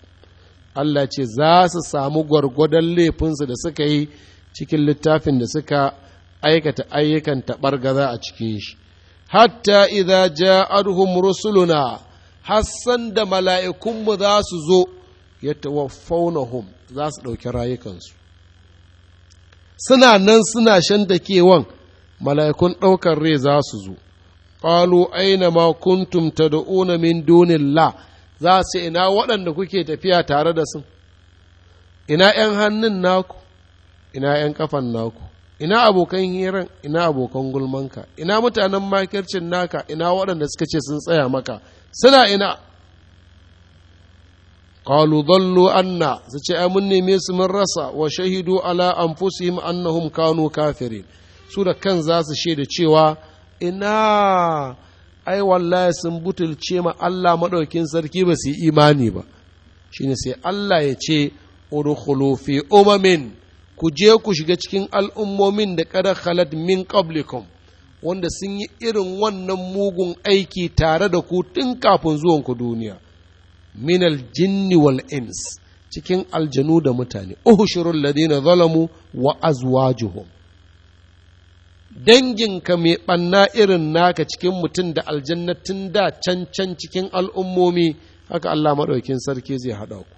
Allah ce za su samu gwargwadon laifinsu da suka yi cikin littafin da suka aikata ayyukan taɓargaza a cikin shi hatta idza ja'adhum rusuluna hassan da mala'ikunmu za su zo yatawaffawnahum za su ɗauki rayukansu suna nan suna shan da kewan mala'ikun ɗaukar rai za su zo ƙalu aina ma kuntum da’una min la za su ina waɗanda kuke tafiya tare da su ina ‘yan hannun naku ina ‘yan kafan naku ina abokan hiran ina abokan gulmanka ina mutanen makircin naka ina waɗanda suka ce sun tsaya maka suna ina qalu dhallu anna su ce mun neme su mun rasa wa shahidu ala anfusihim annahum kanu kafirin su da kan za su shaida cewa ina ai wallahi sun butulce ma Allah maɗaukin sarki ba su yi imani ba Shin sai Allah ya ce udkhulu fi umamin ku je ku shiga cikin al'ummomin da kada khalat min qablikum wanda sun yi irin wannan mugun aiki tare da ku tun kafin zuwan ku duniya min aljinni wal ins cikin aljanu da mutane uhushurul ladina zalamu wa azwajuhum danginka mai ɓanna irin naka cikin mutum da aljannatin da can can cikin al'ummomi haka Allah maɗaukin sarki zai haɗa ku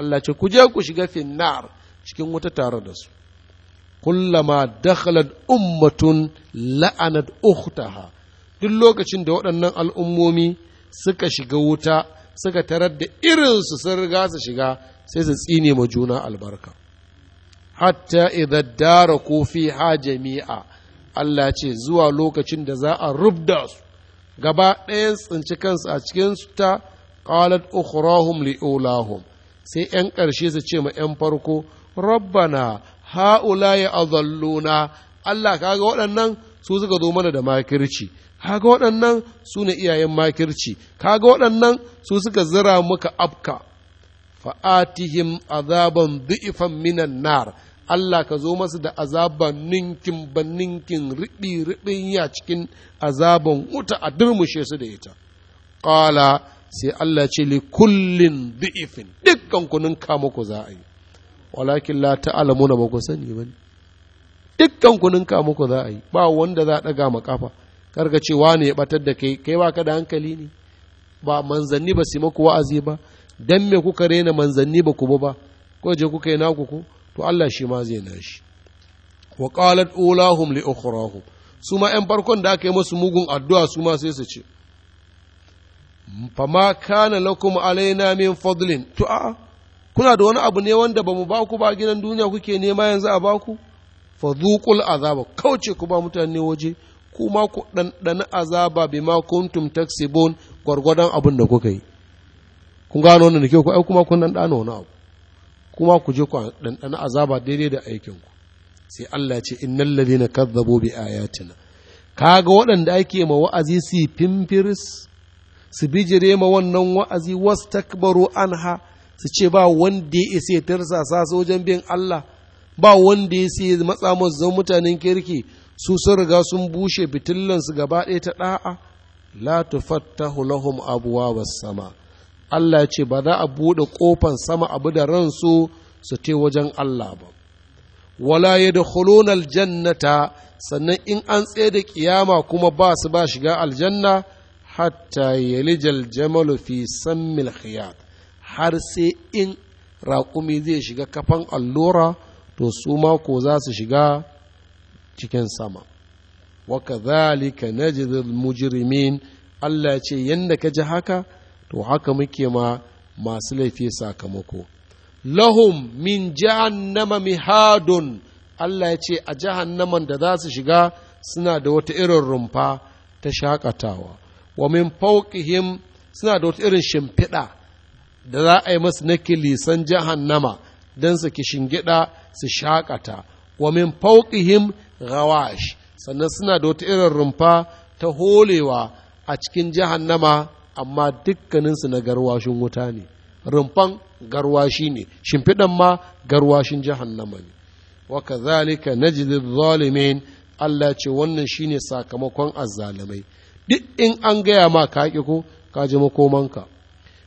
Allah ce ku je ku shiga finnar cikin wata tare da su kullama dakhalat ummatun la'anat ukhtaha duk lokacin da waɗannan al'ummomi suka shiga wuta suka tarar da irinsu sun riga su shiga sai su tsine ma juna albarka hatta idan dara ko fi ha jami'a Allah ce zuwa lokacin da za a rubda su gaba ɗaya tsinci kansu a cikin su ta qalat ukhrahum li'ulahum sai ‘yan ƙarshe su ce ma ‘yan farko, Rabbana, ha'ula ya na. Allah kaga waɗannan su suka zo mana da makirci, kaga waɗannan su ne iyayen makirci, kaga waɗannan su suka zira muka afka, fa'atihim azaban du'ifan minan nar, Allah ka zo masu da azaban ninkin ba ninkin riɓi riɓin ya cikin azaban wuta a durmushe su da ita ƙala sai Allah ce li kullin bi'ifin dukkan kunun kama ku za a yi walakin la muna ba ku sani ba dukkan kunun kama ku za a yi ba wanda za a ɗaga makafa karga cewa ne ya ɓatar da kai kai ba ka da hankali ne ba manzanni ba su maku wa'azi ba dan me kuka rena manzanni ba ku ba ko je kuka yi naku ku to Allah shi ma zai nashi wa qalat ulahum li ukhrahum su ma ‘yan farkon da aka yi masu mugun addu'a su ma sai su ce, Fama kana lakum alaina min fadlin, to a kuna da wani abu ne wanda ba mu ba ku ba gidan duniya kuke nema yanzu a ba ku? Fadhuqul azaba, kauce ku ba mutane waje, kuma ku ɗanɗana azaba bi ma kuntum taksibun gwargwadon abin da kuka yi. Kun gano wannan da kyau ku ai kuma kun ɗanɗana wani abu. kuma ku je ku ɗanɗana azaba daidai da aikinku sai Allah ya ce innal ladina kazzabu bi Ka ga waɗanda ake ma wa'azi su fimfiris su bijire ma wannan wa'azi wasu wastakbaru anha su ce ba wanda ya isa ya tarsasa wajen bin Allah ba wanda ya isa matsa masu mutanen kirki su sun riga sun bushe fitillansu gaba ɗaya ta ɗa'a la tufattahu lahum abwaabas sama Allah ce ba za a buɗe ƙofan sama abu da ransu su te wajen Allah ba. Wala ya da aljannata sannan in an tsaye da ƙiyama kuma ba su ba shiga aljanna hatta yalijal jamalu fi sammil khiyat har sai in raƙumi zai shiga kafan allura to su ko za su shiga cikin sama. Wa kadhalika najzil mujrimin Allah ce yanda ka ji haka to haka muke ma masu laifi sakamako lahum min jahannama mihadun Allah ya ce a jahannaman da za su shiga suna da wata irin rumfa ta shakatawa wa min fawqihim suna da wata irin shimfiɗa da za a yi masu na kilisan jahannama don su shingiɗa su shakata wa min fawqihim ghawash sannan suna da wata irin rumfa ta holewa a cikin jahannama amma dukkaninsu na garwashin wuta ne rumfan garwashi ne shimfiɗan ma garwashin jahannama ne wa kazalika najzi zalimin Allah ce wannan shine sakamakon azzalamai duk in an gaya ma ka ki ko ka ji makomanka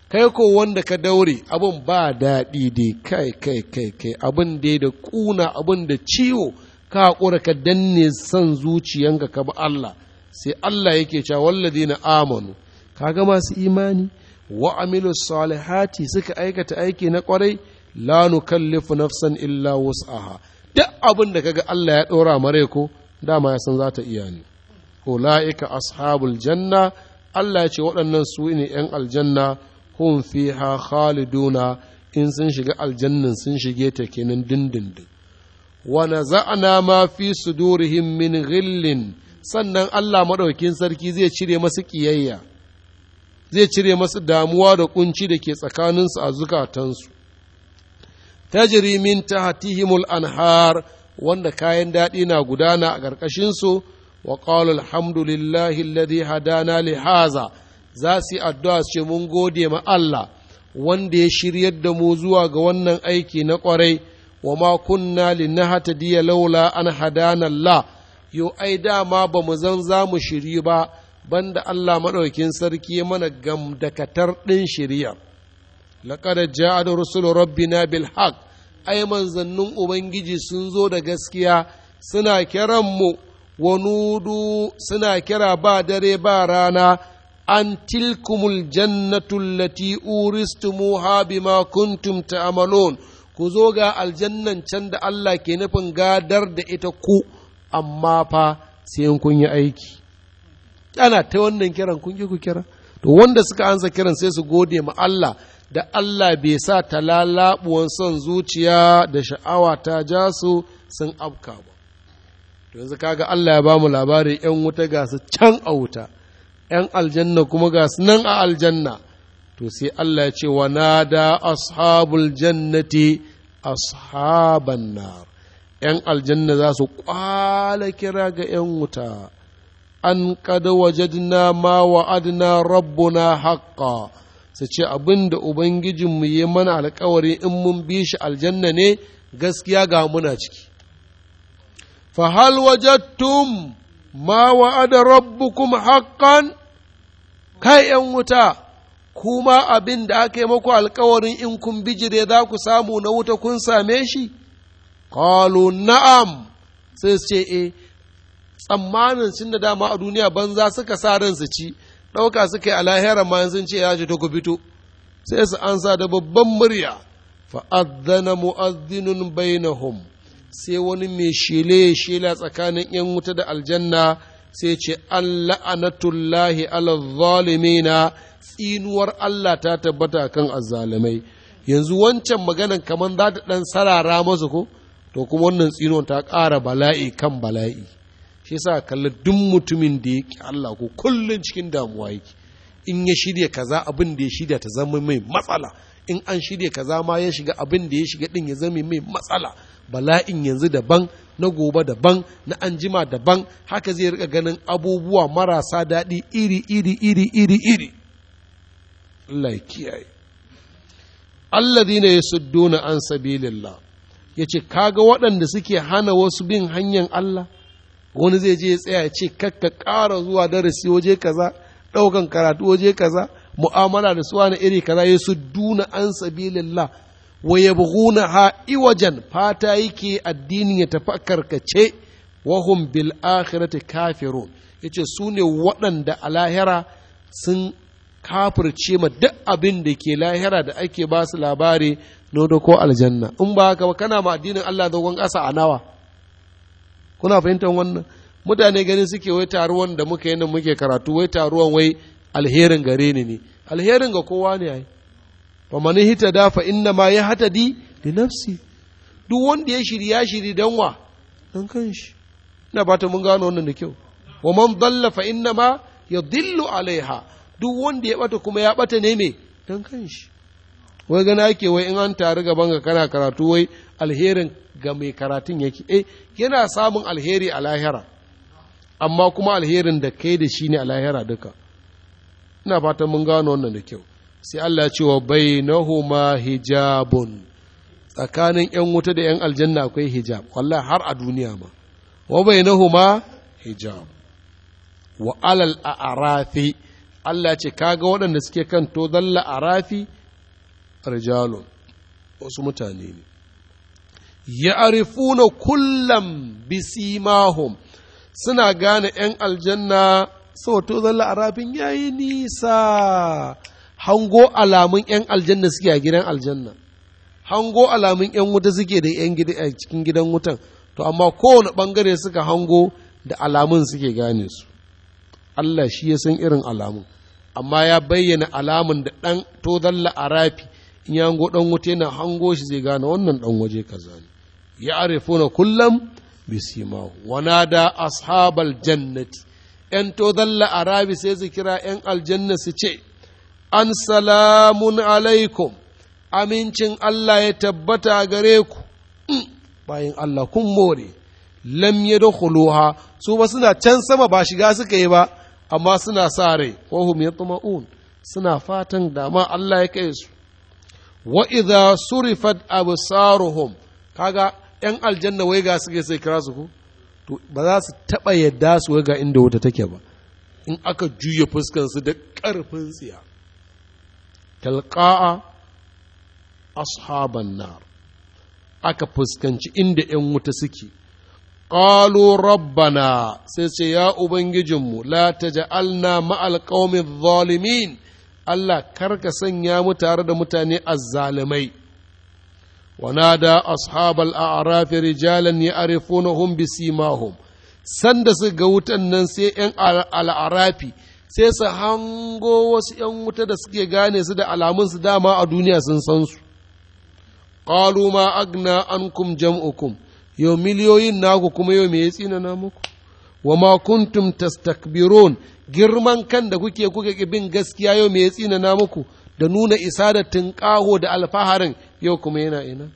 kai ko wanda ka daure abun ba daɗi dai kai kai kai kai abin dai da ƙuna abun da ciwo ka haƙura ka danne son zuciyanka ka bi Allah sai Allah yake cewa na amanu kaga masu imani wa amilu salihati suka aikata aiki na kwarai la nukallifu nafsan illa wus'aha duk abin da kaga Allah ya ɗora mare ko dama ya san za ta iya ne ulaika ashabul janna Allah ya ce waɗannan su ne ‘yan aljanna hum fiha khaliduna in sun shiga aljannan sun shige ta kenan dindindin wa naza'na ma fi sudurihim min ghillin sannan Allah madaukin sarki zai cire masu kiyayya zai cire masu damuwa da kunci da ke tsakaninsu a zukatansu tajiri min tahtihimul anhar wanda kayan daɗi na gudana a ƙarƙashinsu wa qala alhamdulillahi alladhi hadana lihaza, haza za su yi addu'a su ce mun gode ma Allah wanda ya shiryar da mu zuwa ga wannan aiki na ƙwarai wa ma kunna linahtadiya laula an hadana Allah yo ai dama ba mu zan za mu shiri ba banda Allah maɗaukin sarki mana gamdakatar ɗin shirya laƙada ja'ad rusulu rabbina bil haq ai manzannin ubangiji sun zo da gaskiya suna kiran mu wa nudu suna kira ba dare ba rana an tilkumul jannatu lati uristumuha bima kuntum ta'malun ku zo ga aljannan can da Allah ke nufin gadar da ita ku amma fa sai kun yi aiki ana ta wannan kiran kun ki ku kira to wanda suka ansa kiran sai su gode ma Allah da Allah bai sa talalabuwan son zuciya da sha'awa ta ja su sun afka ba to yanzu kaga Allah ya ba mu labari yan wuta ga su can a wuta yan aljanna kuma ga su nan a aljanna to sai Allah ya ce wa nada ashabul jannati ashaban nar yan aljanna za su kwala kira ga yan wuta an kada wajadna ma wa'adna rabbuna haƙƙa su ce abin da ubangijinmu ya mana alkawari in mun bi shi aljanna ne gaskiya ga muna ciki fa hal wajadtum ma wa'ada rabbukum haqqan kai ‘yan wuta, kuma abin da aka yi maku alkawarin in kun bijire za ku samu na wuta kun same shi? Kalu na'am, sai su ce, eh, tsammanin sun da dama a duniya banza suka sa ran su ci ɗauka suka yi alahira ma sun ce ya ji ta ku fito sai su ansa da babban murya fa'adana mu'azzinun bainahum sai wani mai shele shela tsakanin yan wuta da aljanna sai ce Allah anatullahi ala zalimina tsinuwar Allah ta tabbata kan azzalimai yanzu wancan maganan kamar za ta ɗan sarara masu ko to kuma wannan tsinon ta ƙara bala'i kan bala'i shi sa kalli duk mutumin da ya ƙi Allah ko kullum cikin damuwa yake in ya shirya kaza abin da ya shirya ta zama mai matsala in an shirya kaza ma ya shiga abin da ya shiga ɗin ya zama mai matsala bala'in yanzu daban na gobe daban na anjima daban haka zai rika ganin abubuwa marasa daɗi iri iri iri iri iri Allah ya kiyaye su yasudduna an sabilillah ce kaga waɗanda suke hana wasu bin hanyar Allah wani zai je ya tsaya ya ce kakka ƙara zuwa darasi waje kaza ɗaukan karatu waje kaza mu'amala da suwa na iri kaza ya su duna an sabilillah wa yabghuna ha iwajan fata yake addinin ya tafi karkace wahun bil akhirati kafirun yace su ne waɗanda a lahira sun kafirce ma duk abin da ke lahira da ake ba su labari nodo ko aljanna in ba haka ba kana ma addinin Allah zagon ƙasa a nawa kuna fahimtar wannan mutane ganin suke wai taruwan da muka yi nan muke karatu wai taruwan wai alherin gare ni ne alherin ga kowa ne ai fa man hita da fa inna ma ya hata di da nafsi duk wanda ya shirya shiri dan wa dan kanshi ina fata mun gano wannan da kyau wa man dalla fa inna ma ya dillu alaiha duk wanda ya bata kuma ya bata ne me dan kanshi wai gana ake wai in an taru gaban ka kana karatu wai alherin ga mai karatun yake eh yana samun alheri a lahira amma kuma alherin da kai da shi ne a lahira duka ina fatan mun gano wannan da kyau sai Allah ce wa bainahuma hijabun tsakanin yan wuta da yan aljanna akwai hijab wallahi har a duniya ma wa bainahuma hijab wa alal a'rafi Allah ce kaga waɗanda suke kan to zalla arafi rijalun wasu mutane ne ya arifuna kullum bisimahum suna gane ‘yan aljanna sautu zalla a rafin yi nisa hango alamun ‘yan aljanna suke a gidan aljanna hango alamun ‘yan wuta suke da ‘yan gida a cikin gidan wutan to amma kowane ɓangare suka hango da alamun suke gane su Allah shi ya san irin alamun amma ya bayyana alamun da ɗan to zalla a rafi in ya hango dan wuta yana hango shi zai gane wannan dan waje kaza ne ya arifuna kullum bisimahu wana da ashabal jannati yan tozalla arabi sai su kira yan aljanna su ce an salamun alaikum amincin Allah ya tabbata gare ku mm, bayan Allah kun more lam yadkhuluha su ba suna can sama ba shiga suka yi ba amma suna sa rai wa hum yatma'un suna fatan dama Allah ya kai su wa idza surifat absaruhum kaga yan aljanna wai ga suke sai kira su ku to ba za su taba yadda su ga inda wuta take ba in aka juya fuskan su da karfin tsiya talqa'a ashaban nar aka fuskanci inda yan wuta suke qalu rabbana sai sai ya ubangijinmu la taj'alna ma'al qaumiz zalimin Allah karka sanya mu tare da mutane azzalimai wanada ashabal a'rafi rijalan ya'rifunahum bisimahum sanda su ga wutan nan sai yan al'arafi sai su hango wasu yan wuta da suke gane su da alamun su dama a duniya sun san su qalu ma agna ankum jam'ukum yau miliyoyin naku kuma yau me ya tsina wa ma kuntum tastakbirun girman kan da kuke kuka bin gaskiya yau mai ya tsinana muku da nuna isa da tunƙaho da alfaharin yau kuma yana ina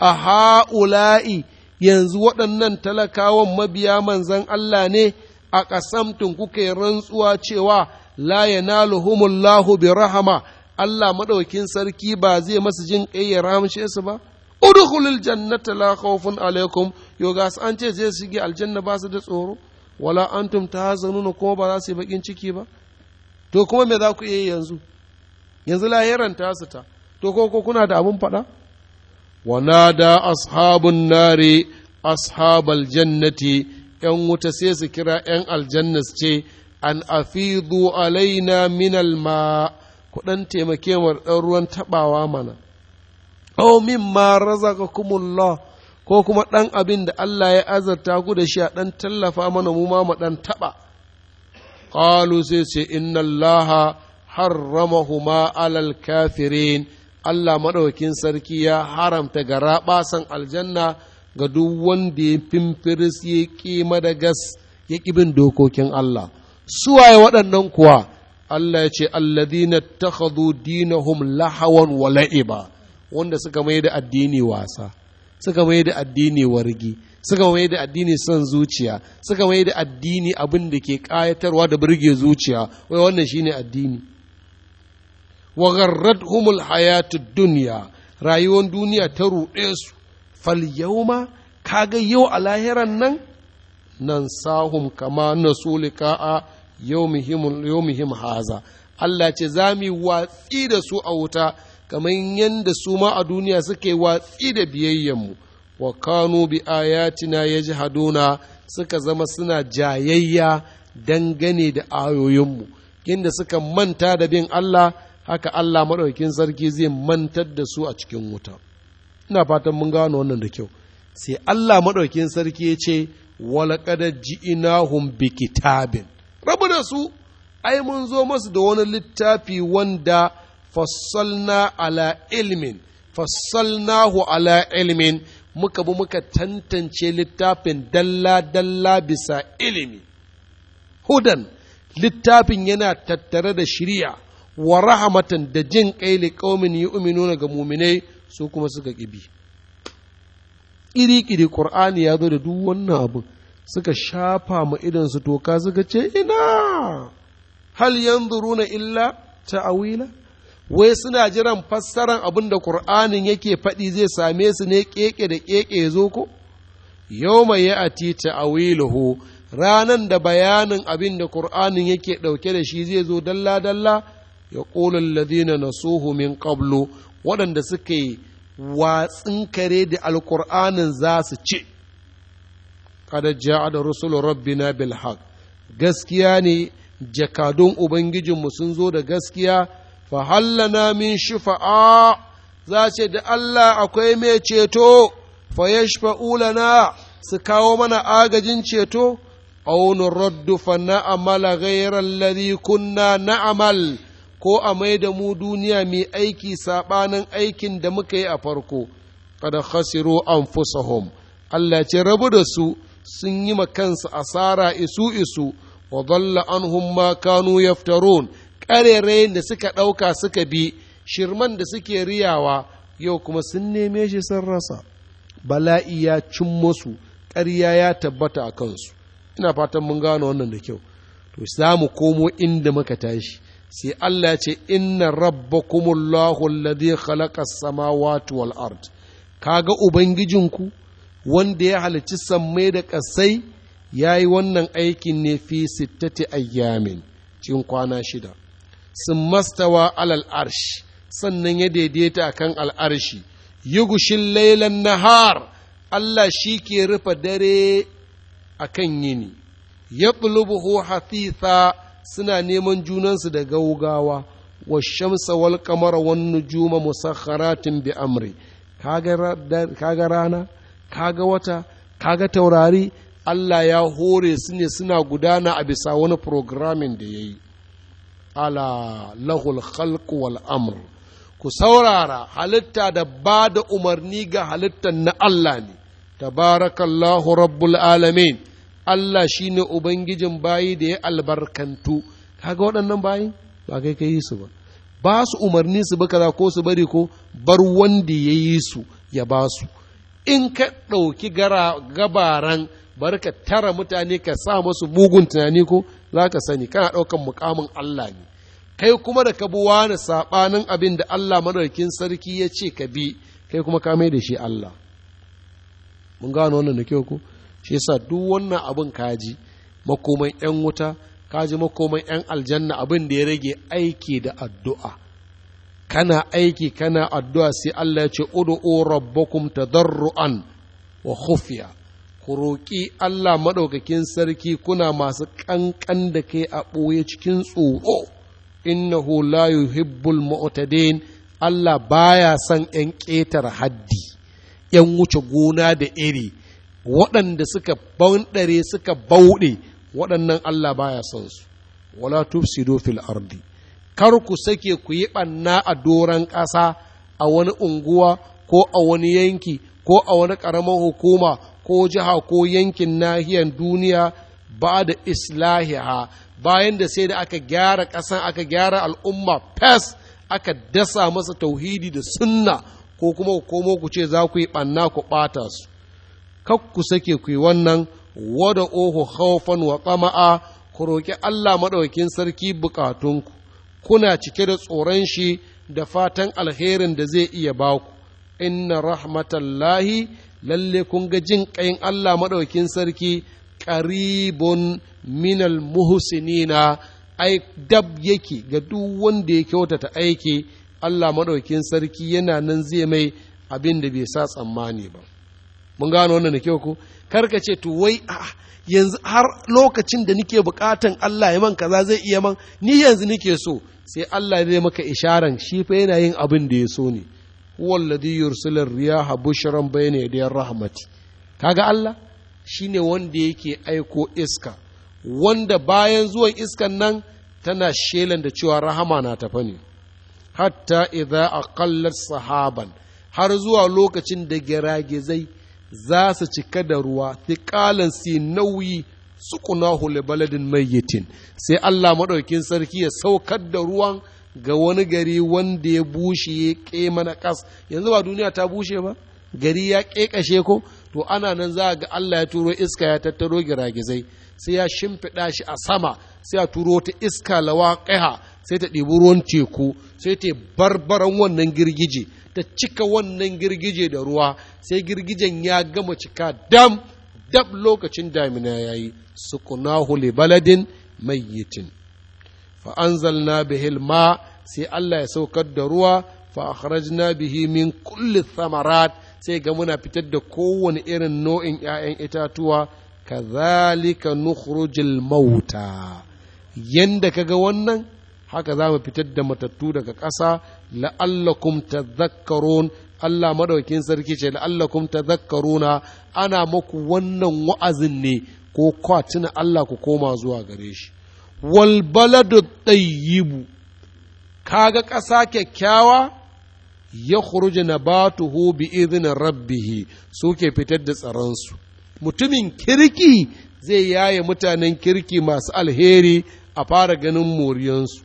a ha'ula'i yanzu waɗannan talakawan mabiya manzan Allah ne a ƙasamtun kuka rantsuwa cewa la yanaluhumullahu bi rahama Allah maɗaukin sarki ba zai masu jin ƙai ya su ba udkhulul jannata la khawfun alaikum yo gas an ce zai shige aljanna ba su da tsoro wala antum nuna kuma ba za su yi bakin ciki ba to kuma me za ku iya yanzu yanzu lahiran ta su ta to ko ko kuna da abun faɗa da ashabun nari ashabal jannati yan wuta sai su kira yan aljannas ce an afidu alaina minal ma ku dan taimake mu dan ruwan tabawa mana aw mimma razaqakumullah ko kuma ɗan abin da Allah ya azarta ku da shi a ɗan tallafa mana mu ma mu ɗan taɓa Ƙalu sai ce inna allaha huma, alal kafirin Allah maɗaukin sarki ya haramta gara basan aljanna ga duk wanda ya fimfiris ya ƙi Madagas, ya ƙi bin dokokin Allah suwaye waɗannan kuwa Allah ya ce alladhina dina dinahum lahawan walaiba ba, wanda suka mai da addini wasa suka mai da addini wargi suka mai da addini son zuciya suka mai da addini abin da ke ƙayatarwa da burge zuciya wai wannan shine addini wa humul hayatu duniya rayuwar duniya ta ruɗe su fal yauma kaga yau a lahiran nan nan sahum kama na a yau yawmihim haza Allah ce za mu watsi da su a wuta kamar yadda su ma a duniya suke watsi da biyayyanmu wa kanu bi ayatina Haduna suka zama suna jayayya dangane da ayoyinmu inda suka manta da bin Allah haka Allah maɗaukin sarki zai mantar da su a cikin wuta ina fatan mun gano wannan da kyau sai Allah maɗaukin sarki ya ce walaƙadar ji'inahum bi kitabin rabu da su ai mun zo masu da wani littafi wanda fassalna ala ilmin fassalnahu ala ilmin muka bi muka tantance littafin dalla-dalla bisa ilimi hudan littafin yana tattare da shirya wa rahamatan da jin kai liƙaumin yu'minuna ga muminai su kuma suka ƙibi iri-iri ƙur'ani ya zo da duk wannan abu suka shafa ma su toka suka ce ina hal yanzuruna illa ta'awila wai suna jiran fassaran abin da ƙur'anin yake faɗi zai same su ne ƙeƙe da ƙeƙe zo ko yau mai ya ati ta'awiluhu ranan da bayanin abin da ƙur'anin yake ɗauke da shi zai zo dalla dalla ya ƙolin ladina na nasuhu min ƙablo waɗanda suka yi watsin kare da alƙur'anin za su ce kada ja'a da rusulu rabbina bil gaskiya ne jakadun ubangijinmu sun zo da gaskiya fa hallana min shifa'a za ce da Allah akwai mai ceto fa yashfa'u lana su kawo mana agajin ceto aw nuraddu fa na'amala ghayra alladhi kunna amal? ko a mai da mu duniya mai aiki saɓanin aikin da muka yi a farko kada khasiru anfusahum Allah ce rabu da su sun yi ma kansu asara isu isu wa dalla anhum ma kanu yaftarun ƙarerayin da suka ɗauka suka bi shirman da suke riyawa yau kuma sun neme shi sun rasa bala'i ya cin masu ƙarya ya tabbata a kansu ina fatan mun gano wannan da kyau to za mu komo inda muka tashi sai Allah ce inna rabbakumullahu alladhi khalaqa as-samawati wal ard kaga ubangijinku wanda ya halicci sammai da ƙasai yi wannan aikin ne fi sittati ayyamin cikin kwana shida sun mastawa alal arshi sannan ya daidaita a kan al'arshi yugushin lailan har Allah shi ke rufe dare a kan yini ya ƙulubuhu hafifa suna neman junansu da gaugawa wa shamsa wal kamara wan nujuma musakharatin bi amri kaga rana kaga wata kaga taurari Allah ya hore su ne suna gudana a bisa wani programming da ya yi ala lahul khalq wal amr ku saurara halitta da ba da umarni ga halittar na Allah ne tabarakallahu rabbul alamin Allah shine ubangijin bayi da ya albarkantu kaga waɗannan bayi ba kai kai su ba ba su umarni su bi kaza ko su bari ko bar wanda ya yi su ya ba su in ka ɗauki gabaran barka tara mutane ka sa masu mugun tunani ko za ka sani kana ɗaukan mukamin Allah ne kai kuma da ka bi wani saɓanin abin da Allah madarkin sarki ya ce ka bi kai kuma ka da shi Allah mun gano wannan da kyau ku shi yasa duk wannan abin kaji makoman yan wuta kaji makoman yan aljanna abin da ya rage aiki da addu'a kana aiki kana addu'a sai Allah ya ce ud'u rabbakum tadarruan wa khufiya ku roƙi Allah maɗaukakin sarki kuna masu ƙanƙan da kai a ɓoye cikin tsoro innahu la yuhibbul mu'tadin Allah baya son ‘yan ƙetar haddi, ‘yan wuce gona da iri, waɗanda suka bandare suka bauɗe, waɗannan Allah baya son su, wala tufsido fil ardi. Kar ku sake ku yi ɓanna a doron ƙasa a wani unguwa ko a wani yanki ko a wani ƙaramar hukuma ko jiha ko yankin nahiyar duniya ba da islahiha bayan da sai da aka gyara ƙasan aka gyara al'umma fes aka dasa masa tauhidi da sunna ko kuma ku komo ku ce za ku yi ɓanna ku ɓata su kak ku sake ku yi wannan wada ohu haufan wa tsama'a ku roƙi Allah maɗaukin sarki buƙatunku kuna cike da tsoron shi da fatan alherin da zai iya baku inna rahmatallahi lalle kun ga jin ƙayin Allah maɗaukin sarki ƙaribun minal Muhusinina ai dab yake ga duk wanda ya kyautata aiki Allah maɗaukin sarki yana nan zai mai abin da bai sa tsammani ba mun gano wannan da kyau ko karka ce to wai yanzu har lokacin da nike bukatan Allah ya man kaza zai iya man ni yanzu nike so sai Allah zai maka isharan shi fa yana yin abin da ya so ne huwallazi yursilu riyaha bushran bayna yadi rahmat kaga Allah shine wanda yake aiko iska wanda bayan zuwan iskan nan tana shelan da cewa rahama na tafa ne hatta idza aqallat sahaban har zuwa lokacin da giragizai za su cika da ruwa thiqalan si nauyi suqunahu li baladin mayyitin sai Allah madaukin sarki ya saukar da ruwan ga wani gari wanda ya bushe ya ƙe mana ƙas yanzu ba duniya ta bushe ba gari ya ƙeƙashe ko to ana nan za a ga Allah ya turo iska ya tattaro giragizai sai ya shimfiɗa shi a sama sai ya turo ta iska lawa ƙaiha sai ta ɗibi ruwan teku sai ta barbaran wannan girgije ta cika wannan girgije da ruwa sai girgijen ya gama cika dam dab lokacin damina ya yi sukunahu li baladin mayyitin fa anzalna bihil ma sai Allah ya saukar da ruwa fa akhrajna bihi min kulli thamarat sai ga muna fitar da kowane irin nau'in 'ya'yan itatuwa kazalika nukhrujul mauta yanda kaga wannan haka za mu fitar da matattu daga ƙasa la'allakum tadhakkarun Allah madaukin sarki ce la'allakum tadhakkaruna ana muku wannan wa'azin ne ko kwatina Allah ku koma zuwa gare shi wal baladu tayyibu kaga ƙasa kyakkyawa ya khuruji nabatuhu bi idhnin rabbihi suke fitar da tsaronsu. mutumin kirki zai yaye mutanen kirki masu alheri a fara ganin moriyansu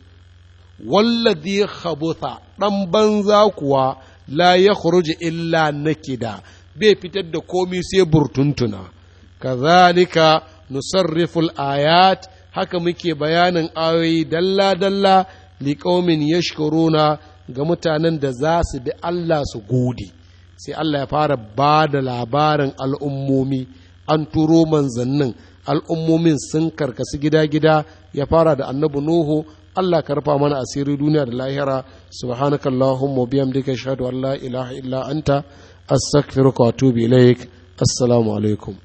wallazi khabutha dan banza kuwa la illa na kida bai fitar da komi sai burtuntuna kazalika nusarriful ayat haka muke bayanin ayoyi dalla dalla liqaumin yashkuruna ga mutanen da za su bi Allah su gode sai Allah ya fara ba da labarin al'ummomi an turo manzannin al'ummomin sun karkasu gida-gida ya fara da annabu Nuhu Allah karfa mana asiri duniya da lahira subhanaka allahumma bihamdika ashhadu an la ilaha illa anta astaghfiruka wa tubi ilaik assalamu alaikum